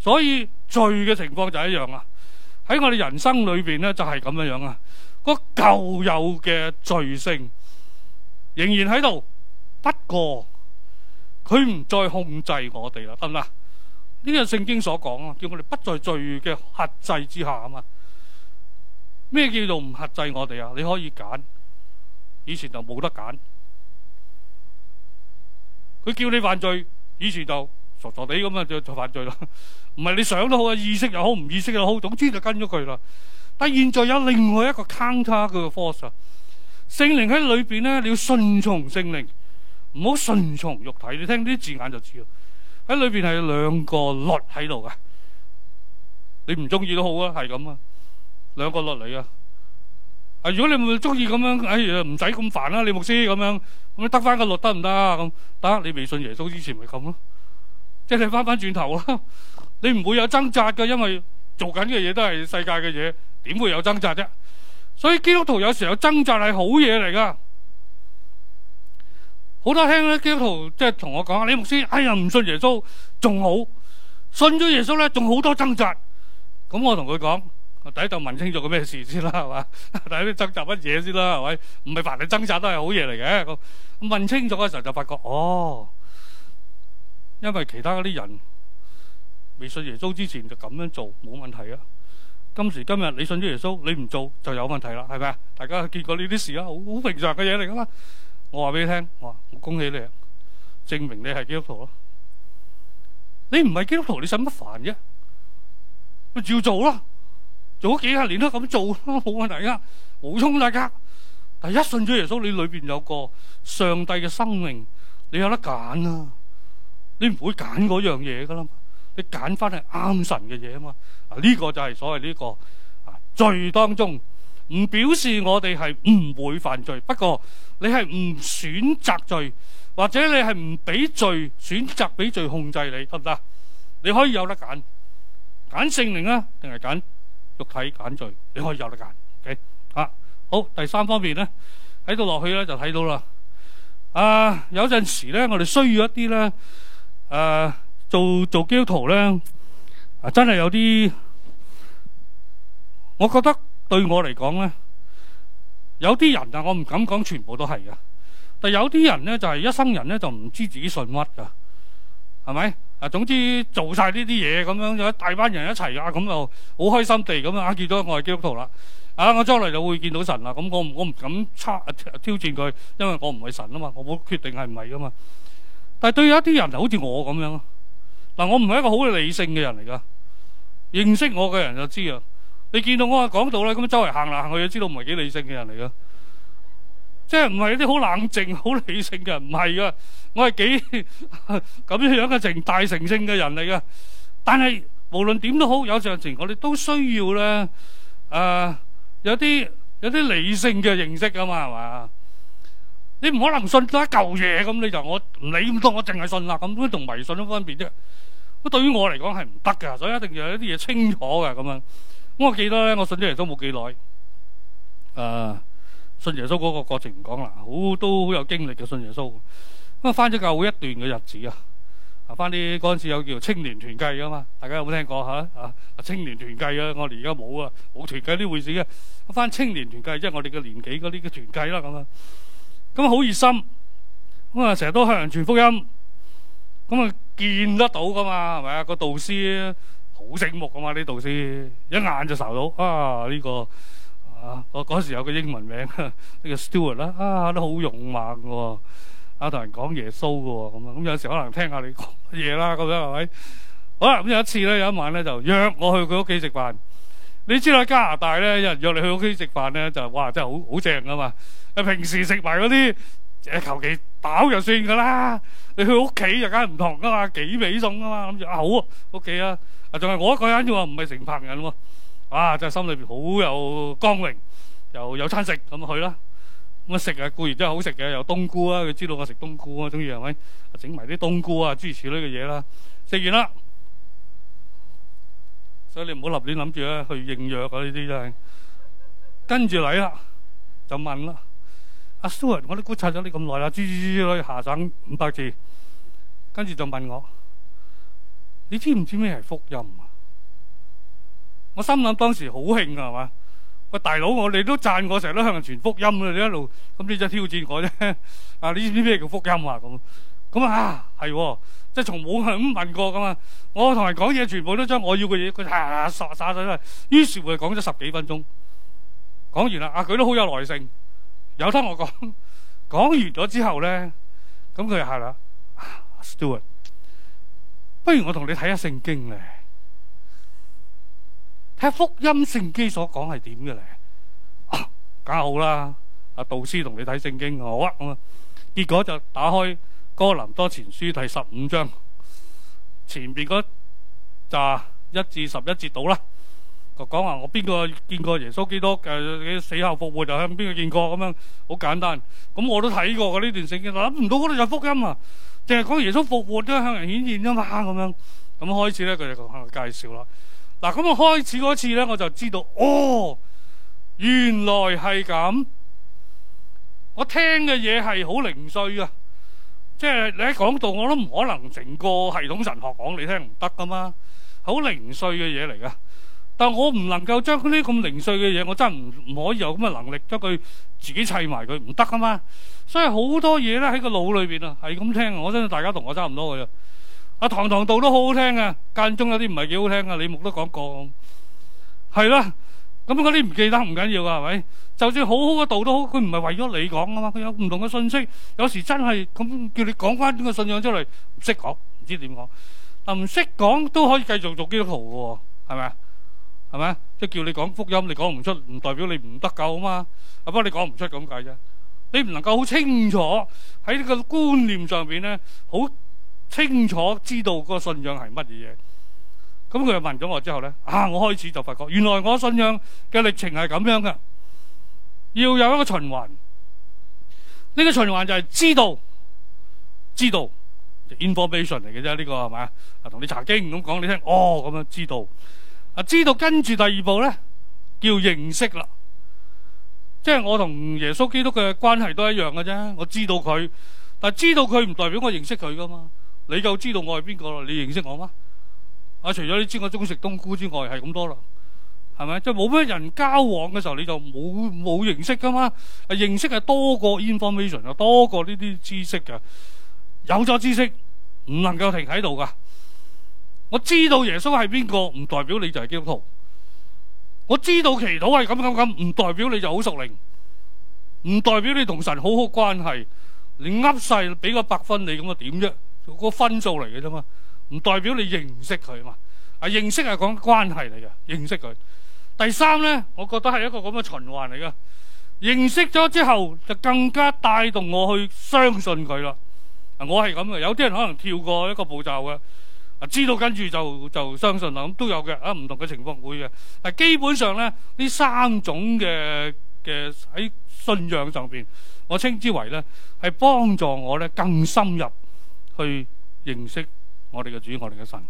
所以罪嘅情況就一樣啊，喺我哋人生裏邊咧就係咁樣樣啊。個舊有嘅罪性仍然喺度，不過佢唔再控制我哋啦，係咪啊？呢個聖經所講啊，叫我哋不在罪嘅轄制之下啊嘛。咩叫做唔克制我哋啊？你可以揀，以前就冇得揀。佢叫你犯罪，以前就傻傻地咁啊就就犯罪啦。唔 係你想都好，意識又好，唔意識又好，總之就跟咗佢啦。但現在有另外一個 counter 佢嘅 force。聖靈喺裏邊咧，你要順從聖靈，唔好順從肉體。你聽啲字眼就知道，喺裏邊係有兩個律喺度㗎。你唔中意都好啊，係咁啊。兩個律嚟啊！啊，如果你唔會中意咁樣，哎唔使咁煩啦、啊。李牧師咁樣，咁、嗯、你得翻個律得唔得？咁得、啊。嗯、你未信耶穌之前咪咁咯，即係你翻翻轉頭啦。 你唔會有掙扎噶，因為做緊嘅嘢都係世界嘅嘢，點會有掙扎啫？所以基督徒有時有掙扎係好嘢嚟噶。好多聽咧，基督徒即係同我講李牧師，哎呀，唔信耶穌仲好，信咗耶穌咧仲好多掙扎。咁我同佢講。我第一度問清楚個咩事先啦，係嘛？ 第一啲掙扎乜嘢先啦，係咪？唔係凡係掙扎都係好嘢嚟嘅。問清楚嘅時候就發覺哦，因為其他嗰啲人未信耶穌之前就咁樣做冇問題啊。今時今日你信咗耶穌，你唔做就有問題啦，係咪啊？大家見過呢啲事啊，好平常嘅嘢嚟噶嘛。我話俾你聽，哇，我恭喜你，啊，證明你係基督徒咯。你唔係基督徒，你使乜煩啫？咪照做咯。做咗幾廿年都咁做，都冇問題啊。補充大家，第一信咗耶穌，你裏邊有個上帝嘅生命，你有得揀啊。你唔會揀嗰樣嘢噶啦，你揀翻係啱神嘅嘢啊嘛。啊，呢個就係所謂呢個啊，罪當中唔表示我哋係唔會犯罪，不過你係唔選擇罪，或者你係唔俾罪選擇俾罪控制你，得唔得？你可以有得揀，揀聖靈啊，定係揀。逐體簡敘，你可以有得揀。O、okay? 啊、好。第三方面咧，喺度落去咧就睇到啦。啊，有陣時咧，我哋需要一啲咧，誒、啊、做做基督徒咧，啊真係有啲，我覺得對我嚟講咧，有啲人啊，我唔敢講全部都係噶，但有啲人咧就係、是、一生人咧就唔知自己信乜㗎，係咪？啊，總之做晒呢啲嘢咁樣，有一大班人一齊啊，咁就好開心地咁樣啊，見到我係基督徒啦啊！我將來就會見到神啦。咁我我唔敢差挑戰佢，因為我唔係神啊嘛，我冇決定係唔係噶嘛。但係對一啲人就好似我咁樣咯。嗱，啊，我唔係一個好理性嘅人嚟噶，認識我嘅人就知啊。你見到我講到啦，咁周圍行嚟行去，我就知道唔係幾理性嘅人嚟噶。即係唔係啲好冷靜、好理性嘅人？唔係噶，我係幾咁樣樣嘅成大成性嘅人嚟噶。但係無論點都好，有陣時我哋都需要咧，誒，有啲有啲理性嘅認識噶嘛，係嘛？你唔可能信咗一嚿嘢咁你就我唔理咁多，我淨係信啦，咁都同迷信都分別啫。咁對於我嚟講係唔得嘅，所以一定要有一啲嘢清楚嘅咁樣。咁我記得咧，我信咗嚟都冇幾耐，誒。信耶穌嗰個過程唔講啦，好都好有經歷嘅信耶穌。咁，返咗教會一段嘅日子呀。返啲，嗰陣時有叫做青年團計㗎嘛，大家有冇聽過呀？青年團計呀，我哋而家冇啊，冇團計呢回事㗎。返青年團計即係我哋嘅年紀嗰啲嘅團計啦，咁。咁，好熱心，成日都向人傳福音。咁，見得到㗎嘛，係咪，個導師，好醒目㗎嘛，呢導師。一眼就爽到，啊，呢個，啊！我嗰時有個英文名，呢個 Stewart 啦，啊都好勇猛嘅，啊同人講耶穌嘅咁啊，咁、啊、有時可能聽下你講嘢啦，咁樣係咪？好啦，咁、嗯、有一次咧，有一晚咧就約我去佢屋企食飯。你知道加拿大咧，有人約你去屋企食飯咧，就哇真係好好正噶嘛！你平時食埋嗰啲，誒求其飽就算噶啦。你去屋企就梗係唔同噶嘛，幾味餸噶嘛，諗住啊好啊，屋企啊，仲係我一個人啫喎，唔係成棚人喎。啊，就係心裏邊好有光榮，又有餐食咁去啦。咁啊食啊，固然真係好食嘅，有冬菇啦。佢知道我食冬菇啊，中意係咪？整埋啲冬菇啊、諸如此類嘅嘢啦。食完啦，所以你唔好立亂諗住啦，去應約啊呢啲真係。跟住嚟啦，就問啦，阿蘇雲，我都觀察咗你咁耐啦，豬豬豬類下省五百字，跟住就問我，你知唔知咩係福音啊？我心諗當時好興噶係嘛？喂，大佬，你讚，我哋都讚我成日都向人傳福音，你一路咁你就挑戰我啫。啊，你知唔知咩叫福音啊？咁咁啊，係即係從冇人咁問過噶嘛？我同人講嘢，全部都將我要嘅嘢，啊，佢刷刷晒出嚟。於、啊啊、是乎，講咗十幾分鐘，講完啦。阿佢都好有耐性，有得我講。講、嗯、完咗之後咧，咁佢又係啦。Stuart 不如我同你睇下聖經咧。喺福音聖經所講係點嘅咧？梗、啊、好啦，阿導師同你睇聖經好啊，咁啊，結果就打開哥林多前書第十五章前邊嗰揸一至十一節到啦，就講話我邊個見過耶穌基督，誒、呃、死後復活就向邊個見過咁樣？好簡單。咁我都睇過呢段聖經，諗唔到嗰度就福音啊！淨係講耶穌復活都向人顯現啊嘛，咁樣咁開始咧，佢就向佢介紹啦。嗱，咁我開始嗰次咧，我就知道哦，原來係咁。我聽嘅嘢係好零碎嘅，即係你喺講道，我都唔可能成個系統神學講你聽唔得噶嘛，好零碎嘅嘢嚟噶。但我唔能夠將嗰啲咁零碎嘅嘢，我真係唔唔可以有咁嘅能力將佢自己砌埋佢，唔得噶嘛。所以好多嘢咧喺個腦裏邊啊，係咁聽啊，我相信大家同我差唔多嘅。阿堂堂道都好好聽啊，間中有啲唔係幾好聽啊。李牧都講過，係啦。咁嗰啲唔記得唔緊要啊，係咪？就算好好嘅道都好，佢唔係為咗你講啊嘛。佢有唔同嘅信息，有時真係咁叫你講翻啲嘅信仰出嚟，唔識講，唔知點講。但唔識講都可以繼續做基督徒嘅喎，係咪啊？係咪啊？即係叫你講福音，你講唔出，唔代表你唔得救啊嘛。阿不過，你講唔出咁解啫。你唔能夠好清楚喺個觀念上邊咧，好。清楚知道個信仰係乜嘢嘢，咁佢又問咗我之後咧啊！我開始就發覺原來我信仰嘅歷程係咁樣嘅，要有一個循環。呢個循環就係知道，知道就 information 嚟嘅啫。呢個係咪啊？同你查經咁講你聽哦咁樣知道啊？知道跟住第二步咧叫認識啦，即係我同耶穌基督嘅關係都一樣嘅啫。我知道佢，但係知道佢唔代表我認識佢噶嘛。你就知道我係邊個咯？你認識我嗎？啊，除咗你知我鍾意食冬菇之外，係咁多啦，係咪？即係冇咩人交往嘅時候，你就冇冇認識噶嘛？認識係多過 information，又多過呢啲知識嘅。有咗知識唔能夠停喺度噶。我知道耶穌係邊個，唔代表你就係基督徒。我知道祈禱係咁咁咁，唔代表你就好熟靈，唔代表你同神好好關係。你呃晒俾個百分你咁，我點啫？個分數嚟嘅啫嘛，唔代表你認識佢嘛。啊，認識係講關係嚟嘅，認識佢。第三咧，我覺得係一個咁嘅循環嚟嘅。認識咗之後，就更加帶動我去相信佢啦。啊，我係咁嘅，有啲人可能跳過一個步驟嘅啊，知道跟住就就相信啦，咁都有嘅啊，唔同嘅情況會嘅。但基本上咧，呢三種嘅嘅喺信仰上面，我稱之為咧係幫助我咧更深入。去認識我哋嘅主，我哋嘅神。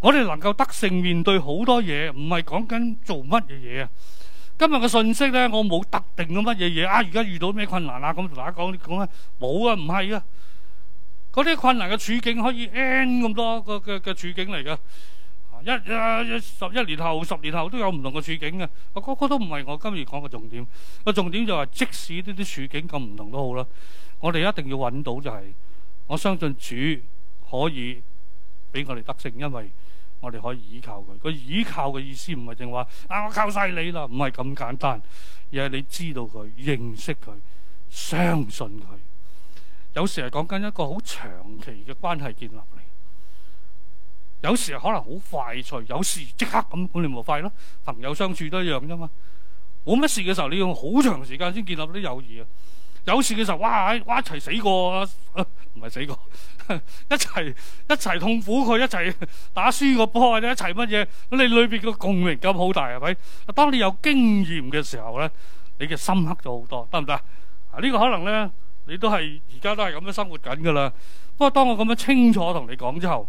我哋能夠得勝面對好多嘢，唔係講緊做乜嘢嘢啊。今日嘅信息咧，我冇特定嘅乜嘢嘢啊。而家遇到咩困難啊？咁同大家講講咧，冇啊，唔係啊。嗰啲困難嘅處境可以 N 咁多個嘅嘅處境嚟嘅。一啊十一年後、十年後都有唔同嘅處境嘅。我、個個都唔係我今日講嘅重點。個重點就係即使呢啲處境咁唔同都好啦，我哋一定要揾到就係、是。我相信主可以俾我哋得勝，因為我哋可以依靠佢。個依靠嘅意思唔係淨話，嗱、啊、我靠晒你啦，唔係咁簡單，而係你知道佢、認識佢、相信佢。有時係講緊一個好長期嘅關係建立嚟。有時可能好快脆，有時即刻咁，冇聯絡快咯。朋友相處都一樣啫嘛。冇乜事嘅時候，你要好長時間先建立啲友誼啊。有事嘅時候，哇！哇一齊死過啊，唔係死過 一齊一齊痛苦，佢一齊打輸個波或者一齊乜嘢？你裏邊個共鳴感好大係咪？當你有經驗嘅時候咧，你嘅深刻咗好多，得唔得啊？呢個可能咧，你都係而家都係咁樣生活緊噶啦。不過當我咁樣清楚同你講之後，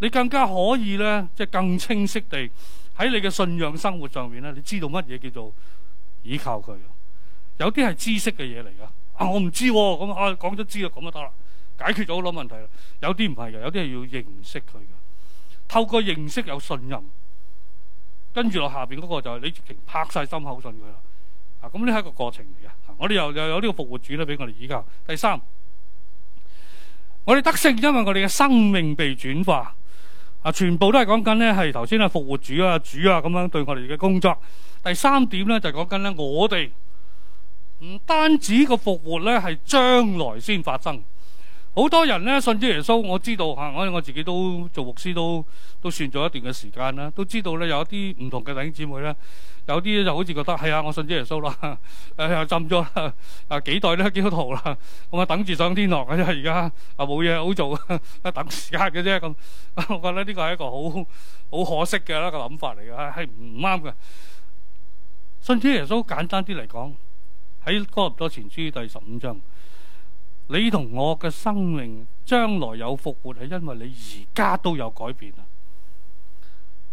你更加可以咧，即係更清晰地喺你嘅信仰生活上面咧，你知道乜嘢叫做依靠佢？有啲係知識嘅嘢嚟噶。啊！我唔知喎、啊，咁啊，講咗知啊，咁就得啦，解決咗好多問題啦。有啲唔係嘅，有啲係要認識佢嘅，透過認識有信任，跟住落下邊嗰個就係你直情拍晒心口信佢啦。啊，咁呢係一個過程嚟嘅、啊。我哋又又有呢個復活主咧，俾我哋依靠。第三，我哋得勝，因為我哋嘅生命被轉化。啊，全部都係講緊咧，係頭先啊復活主啊主啊咁樣對我哋嘅工作。第三點咧就講緊咧我哋。唔單止個復活咧係將來先發生，好多人咧信主耶穌。我知道吓，我、嗯、我自己都做牧師都，都都算咗一段嘅時間啦。都知道咧有啲唔同嘅弟兄姊妹咧，有啲就好似覺得係啊、哎，我信主耶穌啦，誒、哎、又浸咗啊、哎、幾代都基督徒啦，我、哎、等住上天堂嘅，即係而家啊冇嘢好做啊、哎，等時間嘅啫咁。我覺得呢個係一個好好可惜嘅一個諗法嚟嘅，係唔啱嘅。信主耶穌簡單啲嚟講。喺《哥林多前書》第十五章，你同我嘅生命將來有復活，係因為你而家都有改變啊！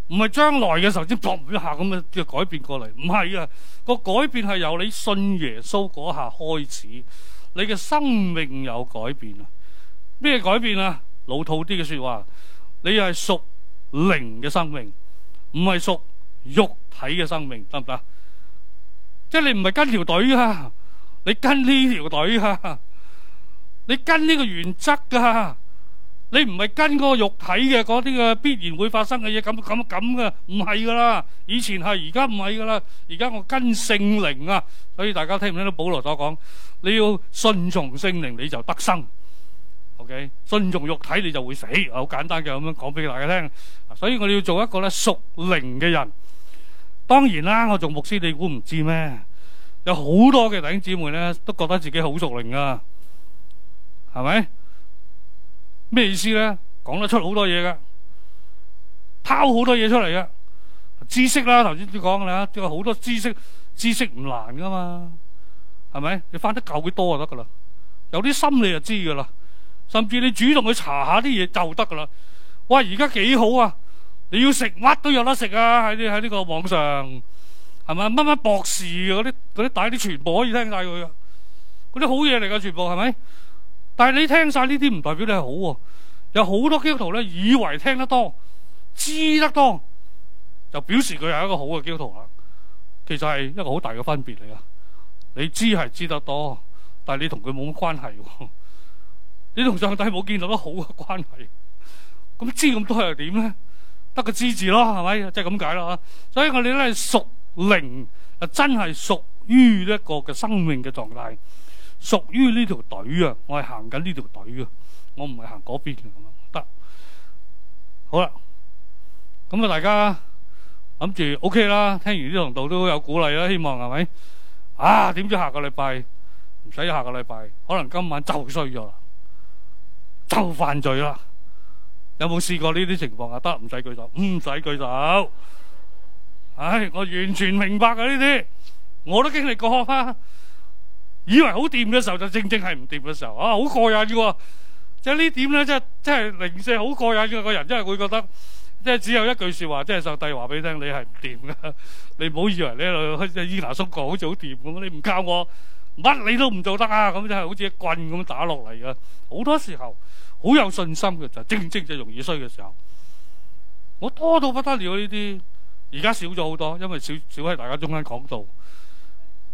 唔係將來嘅時候先 boom 一下咁樣即係改變過嚟，唔係啊！個改變係由你信耶穌嗰下開始，你嘅生命有改變啊！咩改變啊？老土啲嘅說話，你係屬靈嘅生命，唔係屬肉體嘅生命，得唔得？即係你唔係跟條隊啊，你跟呢條隊啊，你跟呢個原則噶，你唔係跟嗰個肉體嘅嗰啲嘅必然會發生嘅嘢咁咁咁噶，唔係噶啦，以前係，而家唔係噶啦，而家我跟聖靈啊，所以大家聽唔聽到保羅所講，你要順從聖靈你就得生，OK，信從肉體你就會死，好簡單嘅咁樣講俾大家聽，所以我哋要做一個咧屬靈嘅人。當然啦，我做牧師你估唔知咩？有好多嘅弟兄姊妹咧，都覺得自己好熟靈噶，係咪？咩意思咧？講得出好多嘢嘅，拋好多嘢出嚟嘅知識啦。頭先講啦，即係好多知識，知識唔難噶嘛，係咪？你翻得夠幾多就得噶啦，有啲心你就知噶啦。甚至你主動去查下啲嘢就得噶啦。哇！而家幾好啊！你要食，乜都有得食啊！喺呢喺呢個網上係咪乜乜博士嗰啲嗰啲帶啲全部可以聽晒佢啊？嗰啲好嘢嚟噶，全部係咪？但係你聽晒呢啲唔代表你係好喎、啊。有好多基督徒咧，以為聽得多知得多，就表示佢係一個好嘅基督徒啦、啊。其實係一個好大嘅分別嚟噶。你知係知得多，但係你同佢冇乜關係、啊。你同上帝冇建立得好嘅關係，咁知咁多係點咧？得個之字咯，係咪？即係咁解咯。所以我哋咧係屬靈啊，真係屬於呢一個嘅生命嘅狀態，屬於呢條隊啊。我係行緊呢條隊啊，我唔係行嗰邊嘅。得，好啦。咁啊，大家諗住 OK 啦。聽完呢同道都有鼓勵啦，希望係咪？啊，點知下個禮拜唔使下個禮拜，可能今晚就衰咗，就犯罪啦。有冇試過呢啲情況啊？得唔使舉手，唔使舉手。唉，我完全明白噶呢啲，我都經歷過啦。以為好掂嘅時候，就正正係唔掂嘅時候啊，好過癮嘅。即係呢點咧，即係即係零舍好過癮嘅個人，真係會覺得，即係只有一句說話，即係上帝話俾你聽，你係唔掂噶。你唔好以為你喺度衣拿縮降好似好掂咁，你唔教我。乜你都唔做得啊！咁就係好似一棍咁打落嚟噶。好多時候好有信心嘅，就正正就容易衰嘅時候。我多到不得了呢啲，而家少咗好多，因為少少喺大家中間講到。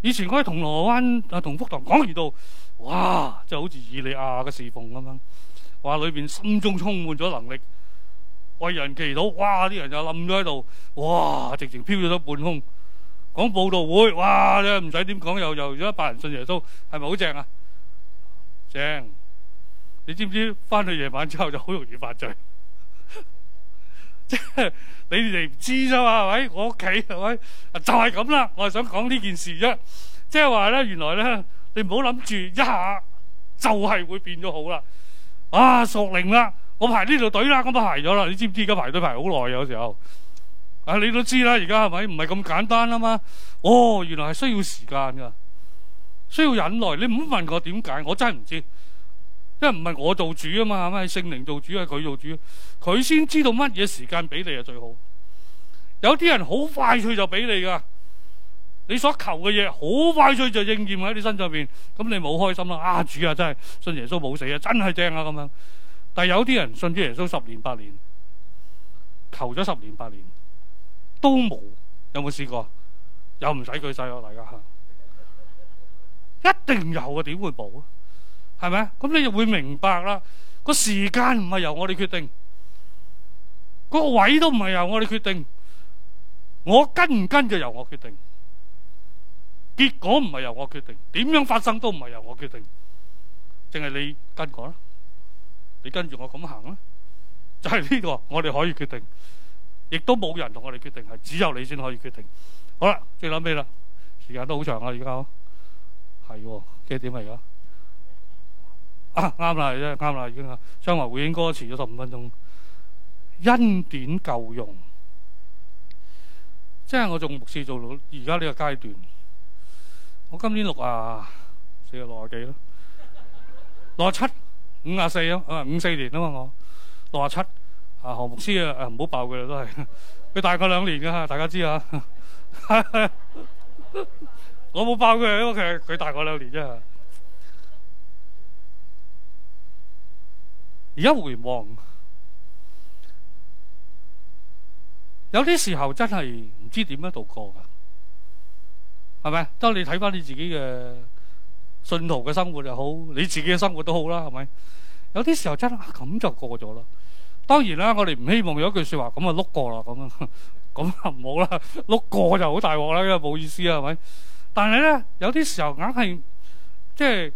以前嗰喺銅鑼灣啊、同福堂講道，哇，就好似以利亞嘅侍奉咁樣，哇裏邊心中充滿咗能力，為人祈禱，哇，啲人就冧咗喺度，哇，直情飄咗咗半空。講報道會，哇！你唔使點講，又又咗一百人信耶穌，係咪好正啊？正，你知唔知翻去夜晚之後就好容易犯罪？即係你哋唔知咋嘛，喂？我屋企係咪？就係咁啦，我係想講呢件事啫。即係話咧，原來咧，你唔好諗住一下就係會變咗好啦。啊，索靈啦，我排呢條隊啦，我都排咗啦。你知唔知？而家排隊排好耐啊，有時候。啊！你都知啦，而家係咪唔係咁簡單啊？嘛哦，原來係需要時間噶，需要忍耐。你唔好問我點解，我真係唔知，因為唔係我做主啊嘛。係咪？聖靈做主係佢做主，佢先知道乜嘢時間俾你啊最好。有啲人好快脆就俾你噶，你所求嘅嘢好快脆就應驗喺你身上邊，咁你好開心啦啊！主啊，真係信耶穌冇死啊，真係正啊咁樣。但係有啲人信咗耶穌十年八年，求咗十年八年。都冇，有冇試過？有唔使舉手咯，大家嚇，一定有啊！點會冇啊？係咪？咁你就會明白啦。個時間唔係由我哋決定，嗰、個位都唔係由我哋決定，我跟唔跟就由我決定。結果唔係由我決定，點樣發生都唔係由我決定，淨係你跟過啦，你跟住我咁行啦，就係、是、呢個我哋可以決定。亦都冇人同我哋決定，係只有你先可以決定。好啦，最撚尾啦，時間都好長啦，而家，係嘅、哦，幾點嚟噶？啊，啱啦，已經啱啦，已經啦。將來會應該遲咗十五分鐘，因短夠用，即係我仲目視做到而家呢個階段。我今年六啊四啊六啊幾咯，六啊七五啊四啊五四年啊嘛，我六啊七。67, 啊，何牧師啊，唔好爆佢啦，都係佢大過兩年噶，大家知啊。哈哈，我冇爆佢，因為佢大過兩年啫。而家回望，有啲時候真係唔知點樣度過噶，係咪？當你睇翻你自己嘅信徒嘅生活又好，你自己嘅生活都好啦，係咪？有啲時候真係咁、啊、就過咗啦。當然啦，我哋唔希望有一句説話咁啊，碌過啦咁樣咁啊，唔好啦碌過就好大鑊啦，因為冇意思啊，係咪？但係咧，有啲時候硬係即係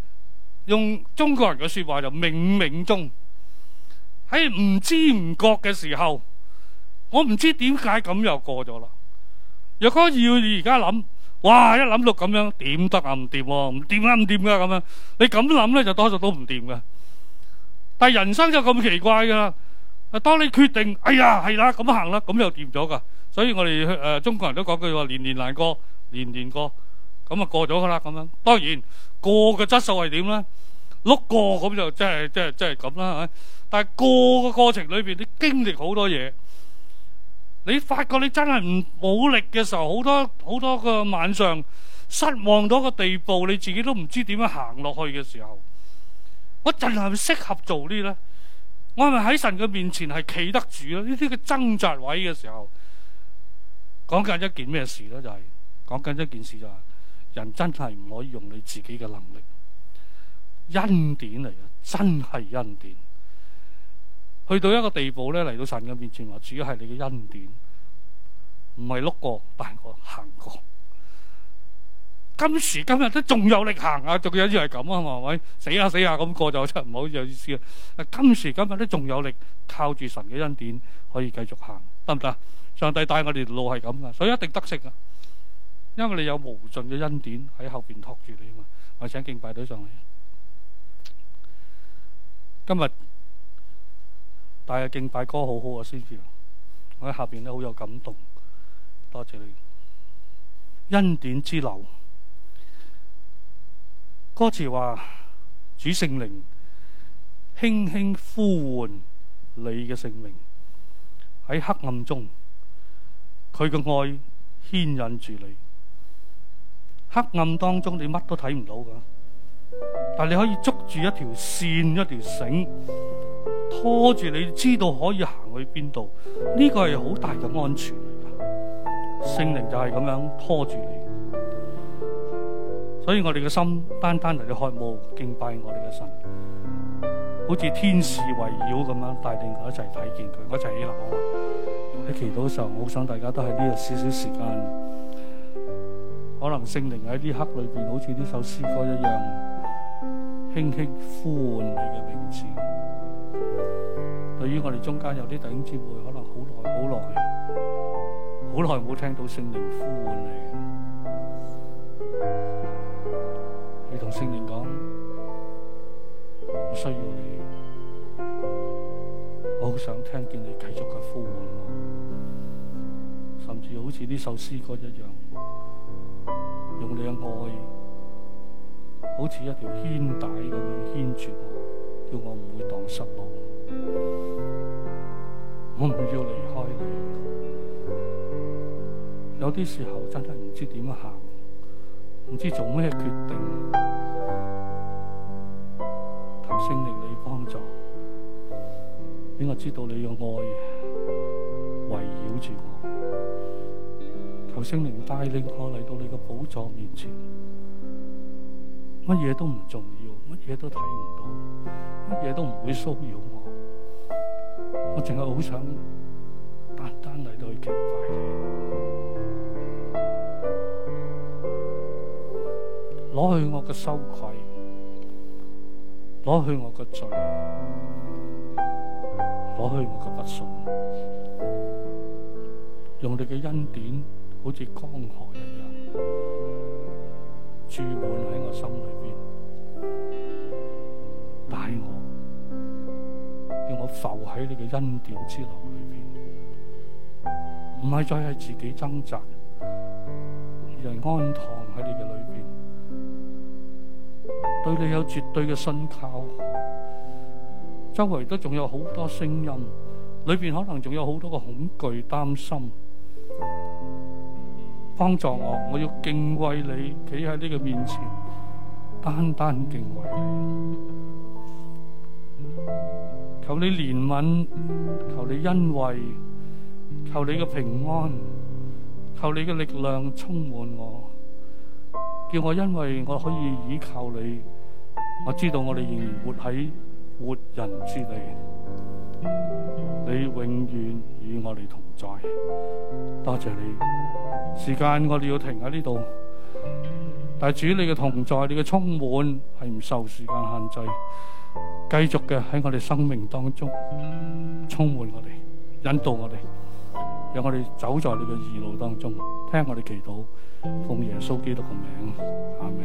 用中國人嘅説話就冥冥中喺唔知唔覺嘅時候，我唔知點解咁又過咗啦。若果要你而家諗，哇一諗到咁樣點得啊？唔掂喎，唔掂啊，唔掂㗎咁啊！咁樣你咁諗咧就多數都唔掂㗎。但係人生就咁奇怪㗎。啊！當你決定，哎呀，係啦，咁行啦，咁又掂咗噶。所以我哋誒、呃，中國人都講句話：年年難過，年年過，咁啊過咗噶啦咁樣。當然過嘅質素係點咧？碌過咁就即係即係即係咁啦。但係過嘅過程裏邊，你經歷好多嘢。你發覺你真係唔努力嘅時候，好多好多個晚上失望到個地步，你自己都唔知點樣行落去嘅時候，我真係唔適合做呢啲咧。我係咪喺神嘅面前係企得住咧？呢啲嘅掙扎位嘅時候，講緊一件咩事咧？就係、是、講緊一件事就係、是，人真係唔可以用你自己嘅能力，恩典嚟嘅，真係恩典。去到一個地步咧，嚟到神嘅面前話，主要係你嘅恩典，唔係碌過，但係我行過。今時今日都仲有力行啊，仲有啲係咁啊，嘛、啊？喂，死下死下咁過就真唔好有意思啊！今時今日都仲有力，靠住神嘅恩典可以繼續行，得唔得？上帝帶我哋路係咁噶，所以一定得勝噶、啊，因為你有無盡嘅恩典喺後邊托住你啊嘛。我請敬拜隊上嚟，今日帶嘅敬拜歌好好啊，先至。我喺下邊都好有感動，多謝你恩典之流。歌詞話：主聖靈輕輕呼喚你嘅性命。喺黑暗中，佢嘅愛牽引住你。黑暗當中你乜都睇唔到噶，但你可以捉住一條線、一條繩，拖住你知道可以行去邊度。呢個係好大嘅安全嚟㗎。聖靈就係咁樣拖住你。所以我哋嘅心單單嚟到渴慕敬拜我哋嘅神，好似天使圍繞咁樣，帶定佢一齊睇見佢，我一齊喜樂。我喺祈禱嘅時候，我好想大家都喺呢個少少時間，可能聖靈喺呢刻裏邊，好似呢首詩歌一樣，輕輕呼喚你嘅名字。對於我哋中間有啲弟兄姊妹，可能好耐、好耐、好耐冇聽到聖靈呼喚你。聖靈講：我需要你，我好想聽見你繼續嘅呼喚我，甚至好似呢首詩歌一樣，用你嘅愛，好似一條牽帶咁樣牽住我，叫我唔會蕩失路，我唔要離開你。有啲時候真係唔知點樣行。唔知做咩決定，求聖靈你幫助，俾我知道你嘅愛圍繞住我，求聖靈帶領我嚟到你嘅寶座面前，乜嘢都唔重要，乜嘢都睇唔到，乜嘢都唔會騷擾我，我淨係好想單單嚟到去敬拜你。攞去我嘅羞愧，攞去我嘅罪，攞去我嘅不信，用你嘅恩典，好似江河一樣注滿喺我心裏邊，帶我，令我浮喺你嘅恩典之流裏邊，唔係再係自己掙扎，而係安躺喺你嘅裏。對你有絕對嘅信靠，周圍都仲有好多聲音，裏邊可能仲有好多嘅恐懼、擔心。幫助我，我要敬畏你，企喺呢個面前，單單敬畏你。求你憐憫，求你恩惠，求你嘅平安，求你嘅力量充滿我，叫我因為我可以倚靠你。我知道我哋仍然活喺活人之地，你永遠與我哋同在，多謝你。時間我哋要停喺呢度，但係主你嘅同在，你嘅充滿係唔受時間限制，繼續嘅喺我哋生命當中充滿我哋，引導我哋。讓我哋走在你嘅二路當中，聽我哋祈禱，奉耶穌基督嘅名。